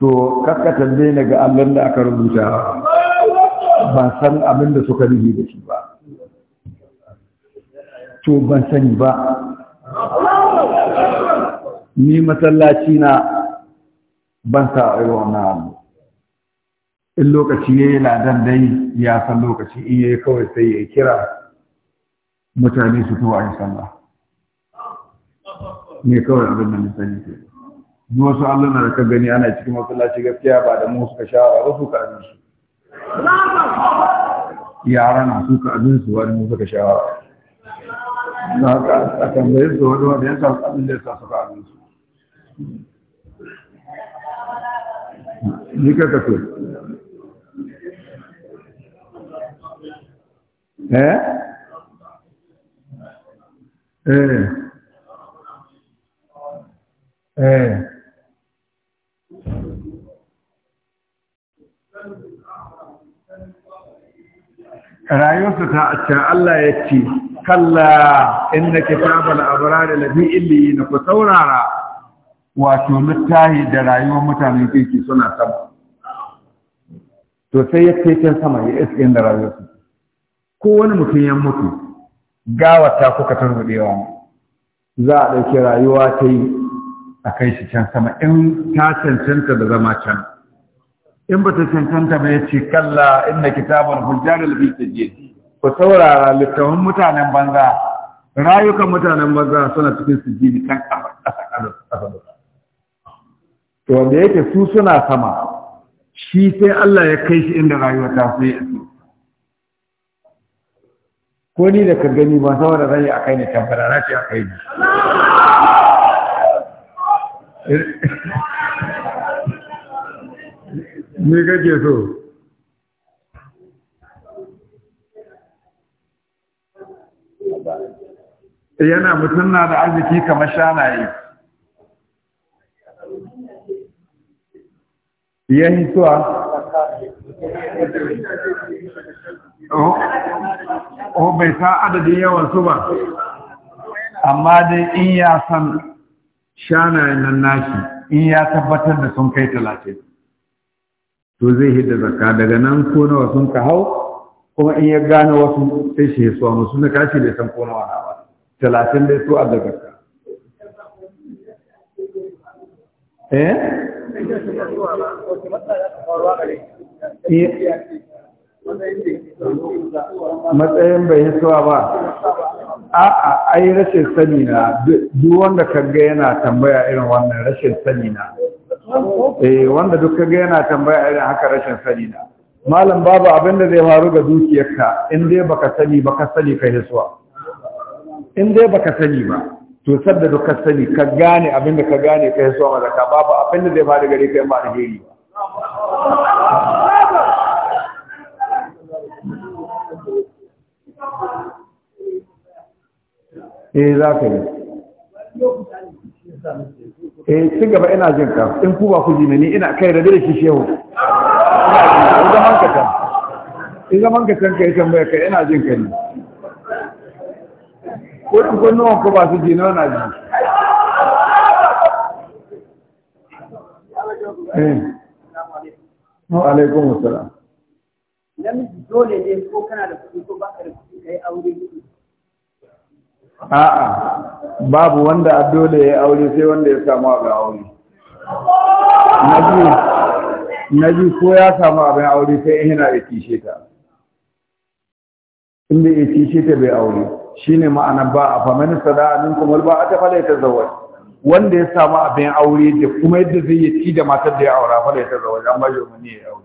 S1: to kakka tambayi ni ga allon da aka rubuta ba san abin da suka rufe da shi ba to ban sani ba
S2: ni masallaci
S1: na ban sa aiwa na abu in lokaci ya yi ladan dai ya san lokaci in yayi kawai sai ya kira mutane su tuwa a yi sallah ne kawai abin da misali ke duk wasu alluna da ka gani ana cikin masallaci gaskiya ba da mu suka shawara ba su ka abin su yara na su ka abin su wani mu suka shawara da haka a tambaye su wani wanda ya sa abin da ya sa suka abin su ni ka kafe eh
S2: eh eh rayuwarsa
S1: ta can Allah ya ce kalla inna kitabal da lafi illi na ku saurara wato littahi da rayuwar mutane ke suna sama to sai ya ce can sama ya iske da rayuwarsa ko wani mutum ya mutu gawa ta kuka tarbudewa za a ɗauki rayuwa ta yi a kai shi can sama in ta cancanta da zama can in ba ta cancanta ba ya ce kalla inda kitabar hujjar alfisajje ku saurara littafin mutanen banza rayukan mutanen banza suna cikin sujjini kan
S2: ƙasa
S1: to wanda yake su suna sama shi sai Allah ya kai shi inda rayuwa ta su yi ko ni da ka gani ba saboda zai a kai ne tambara na ce a kai ne ni kake so yana mutum na da arziki kamar shanaye ya hituwa oh, oh bai sa adadin yawan su ba amma dai in ya san shanayen nan nashi in ya tabbatar da sun kai talatin to zai hidda zakka daga nan ko nawa sun ka hau kuma in ya gane wasu sai shi ya suwa musu na kashi da san ko nawa ba talatin da su a daga ka
S2: eh matsayin bai yi suwa ba a'a
S1: ai rashin sani na duk wanda kaga yana tambaya irin wannan rashin sani na eh wanda duk kaga yana tambaya irin haka rashin sani na malam babu abin da zai faru ga dukiyarka in dai baka sani baka sani kai suwa. in dai baka sani ba to sadda duk ka sani ka gane abin da ka gane kai ma zaka babu abin da zai faru gare ka in alheri ba
S2: eh za ka yi
S1: eh ci gaba ina jin ka in ku ba ku ji ni ina kai da dare shi shehu
S2: idan zaman ka can
S1: in zaman ka can kai tambaya kai ina jin ka ni
S2: ko ku ko nawa ko ba su ji nawa na ji
S3: eh
S1: wa alaikum assalam
S3: namiji dole ne ko kana da kuɗi ko baka da kuɗi kai aure
S1: a'a babu wanda a dole ya aure sai wanda ya samu abin aure na biyu ko ya samu abin aure sai in yana da kishe ta in ya kishe ta bai aure shine ma'ana ba a famani sada'a min kuma ba a tafa da ta zawai wanda ya samu abin aure da kuma yadda zai yi ci da matar da ya aura fa da ta zawai an ba shi umarni ya aure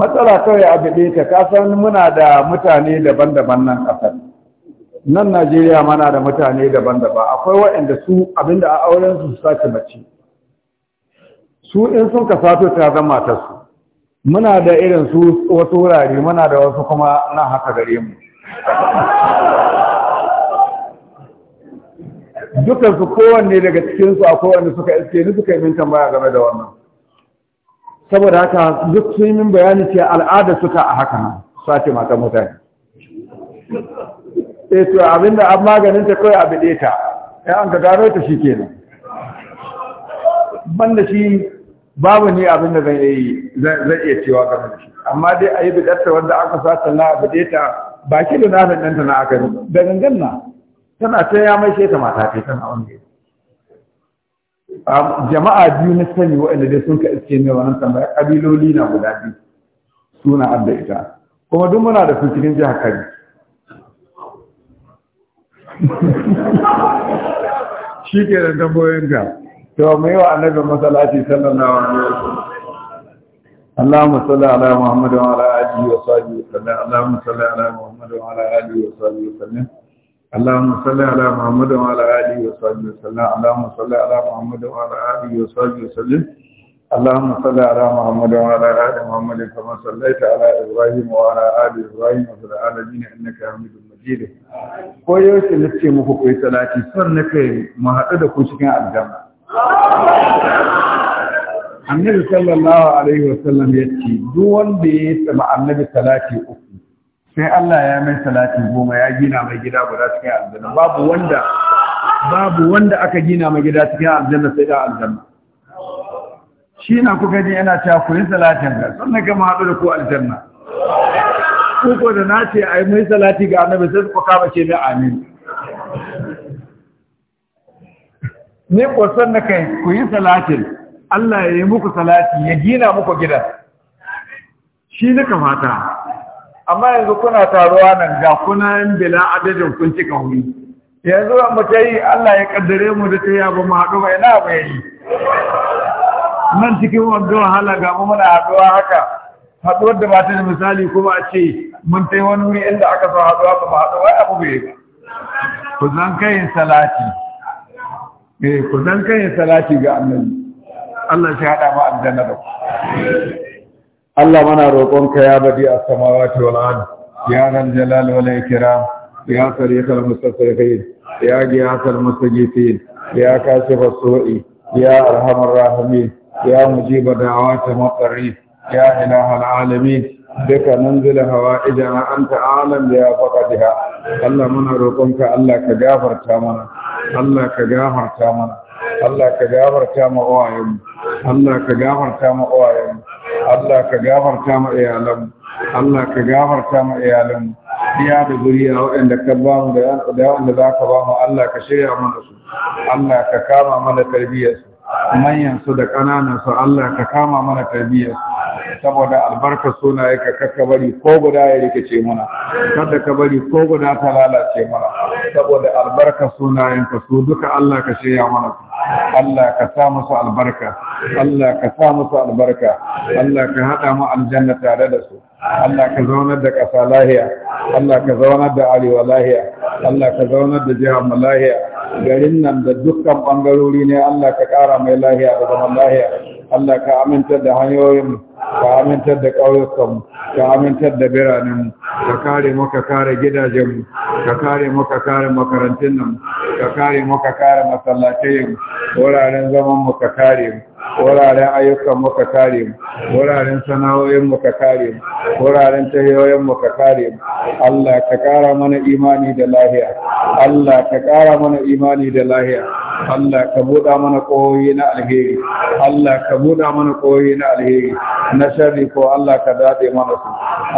S1: matsala kawai a gaɗe ta kasan muna da mutane daban-daban nan ƙasar nan najeriya mana da mutane daban-daban akwai waɗanda su abinda a auren su sace mace su in sun ka sato ta zama matarsu muna da irin su wasu wurare muna da wasu kuma nan haka gare mu dukansu kowanne daga cikinsu akwai wanda suka iske ni suka yi min tambaya game da wannan saboda haka duk sun yi bayani ce al'ada suka a haka sace mata mutane eh to abinda an maganin ta kai abu ɗeta ta ya eh, an ka gano ta shi kenan nan. shi babu ne abin zan yi zan iya cewa ga da shi amma dai a yi bidatta wanda aka sata na abu ɗeta ba ki da na ɗanta na aka da gangan na tana ta ya mai sheta mata ta tana wanda jama'a biyu na sani waɗanda dai sun kaɗa ce mai wannan tambaya ƙabiloli na guda biyu suna adda ita kuma duk muna da sunkirin jihar kari shi ke da tamboyin ga to yi wa annabin masalaci sannan na wani yau Allah musalli ala Muhammadu wa ala alihi wa sallam Allah musalli ala Muhammadu wa ala alihi wa sallam اللهم صل على محمد وعلى آله وصحبه وسلم اللهم صل على محمد وعلى آله وصحبه وسلم اللهم صل على محمد وعلى آل محمد كما صليت على إبراهيم وعلى آل إبراهيم وفي العالمين إنك حميد مجيد ko yaushe na ce muku kai talati son na kai mu haɗu da ku cikin aljanna annabi sallallahu alaihi wasallam ya ce duk wanda ya yi annabi talati uku sai Allah ya mai salatin goma ya gina mai gida guda cikin aljanna babu wanda babu wanda aka gina mai gida cikin aljanna sai da aljanna shi na kuka ji yana cewa ku yi salatin ga sannan gama haɗu da ku aljanna kuko da na ce a yi mai salati ga annabi sai ku kama ce mai amin ne ko sannan kai ku yi salatin Allah ya yi muku salati ya gina muku gidan shi na kamata. amma yanzu kuna taruwa nan ga kunan bila adadin kun cika wuri yanzu mu ta yi Allah ya kaddare mu da ta yi abu mu haɗu bai na bai yi nan cikin wanda wahala ga mu muna haɗuwa haka haɗuwar da ba ta da misali kuma a ce mun ta yi wani wuri inda aka so haɗuwa ba haɗu wai abu bai ba ku zan kayin salati eh ku zan kayin salati ga annabi Allah shi haɗa mu aljanna da ku Allah mana roƙonka ya badi a samawati wal ard ya ran jalal wal ikram ya sariqal mustasriqin ya giyasal mustajisin ya kashifas su'i ya arhamar rahimin ya mujiba da'awati muqarrib يا إله العالمين بك ننزل هوائجنا أنت أعلم بها الله منا روكمك الله كجافر تامنا الله كجافر تامنا الله كجافر تام أوائم الله كجافر mu. Allah ka gafarta ma iyalan Allah ka gafarta ma iyalan iya da zuriya waɗanda ka ba mu da waɗanda za ka ba mu Allah ka shirya mana su Allah ka kama mana tarbiyyarsu su manyan su da ƙananan su Allah ka kama mana tarbiyyarsu su saboda albarkar sunaye ka kaka bari ko guda ya rikice muna kada ka bari ko guda ta lalace mana, saboda albarkar sunayen ka su duka Allah ka shirya mana Allah ka sa musu albarka Allah ka sa musu albarka Allah ka hada mu aljanna tare da su Allah ka zaunar da ƙasa lahiya Allah ka zaunar da arewa lahiya Allah ka zaunar da jihar mu lahiya garin nan da dukkan bangarori ne Allah ka ƙara mai lahiya da zaman lahiya Allah ka aminta da hanyoyin ka amintar da ƙauyukanmu ka amintar da biranenmu ka kare maka kare gidajenmu ka kare maka kare makarantunanmu ka kare maka kare masallatayenmu wuraren zaman mu ka kare mu wuraren ayyukan muka kare mu wuraren sana'o'in muka kare mu wuraren tahiyoyin muka kare mu Allah ka kara mana imani da lahiya Allah ka kara mana imani da lahiya Allah ka buɗa mana koyi na alheri Allah ka buɗa mana koyi na alheri na sharri ko Allah ka dade mana su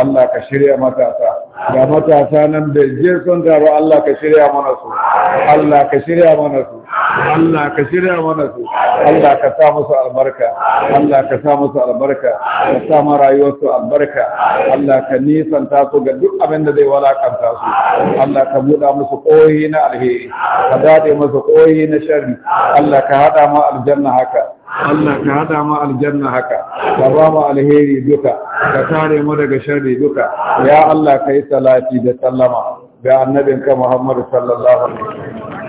S1: Allah ka shirya matasa Da matasa nan da je son gaba Allah ka shirya mana
S2: su Allah
S1: ka shirya mana su Allah ka shirya mana su Allah ka sa musu albarka Allah ka sa musu albarka ka sa ma rayuwarsu albarka Allah ka nisanta su ga duk abin da zai walakanta su Allah ka buɗa musu ƙoyi na alheri ka dade musu ƙoyi na shari Allah ka haɗa ma aljanna haka Allah ka hada mu aljanna haka ka ba mu alheri duka ka kare mu daga sharri duka ya Allah kai salati da sallama ga annabinka Muhammad sallallahu alaihi
S2: wasallam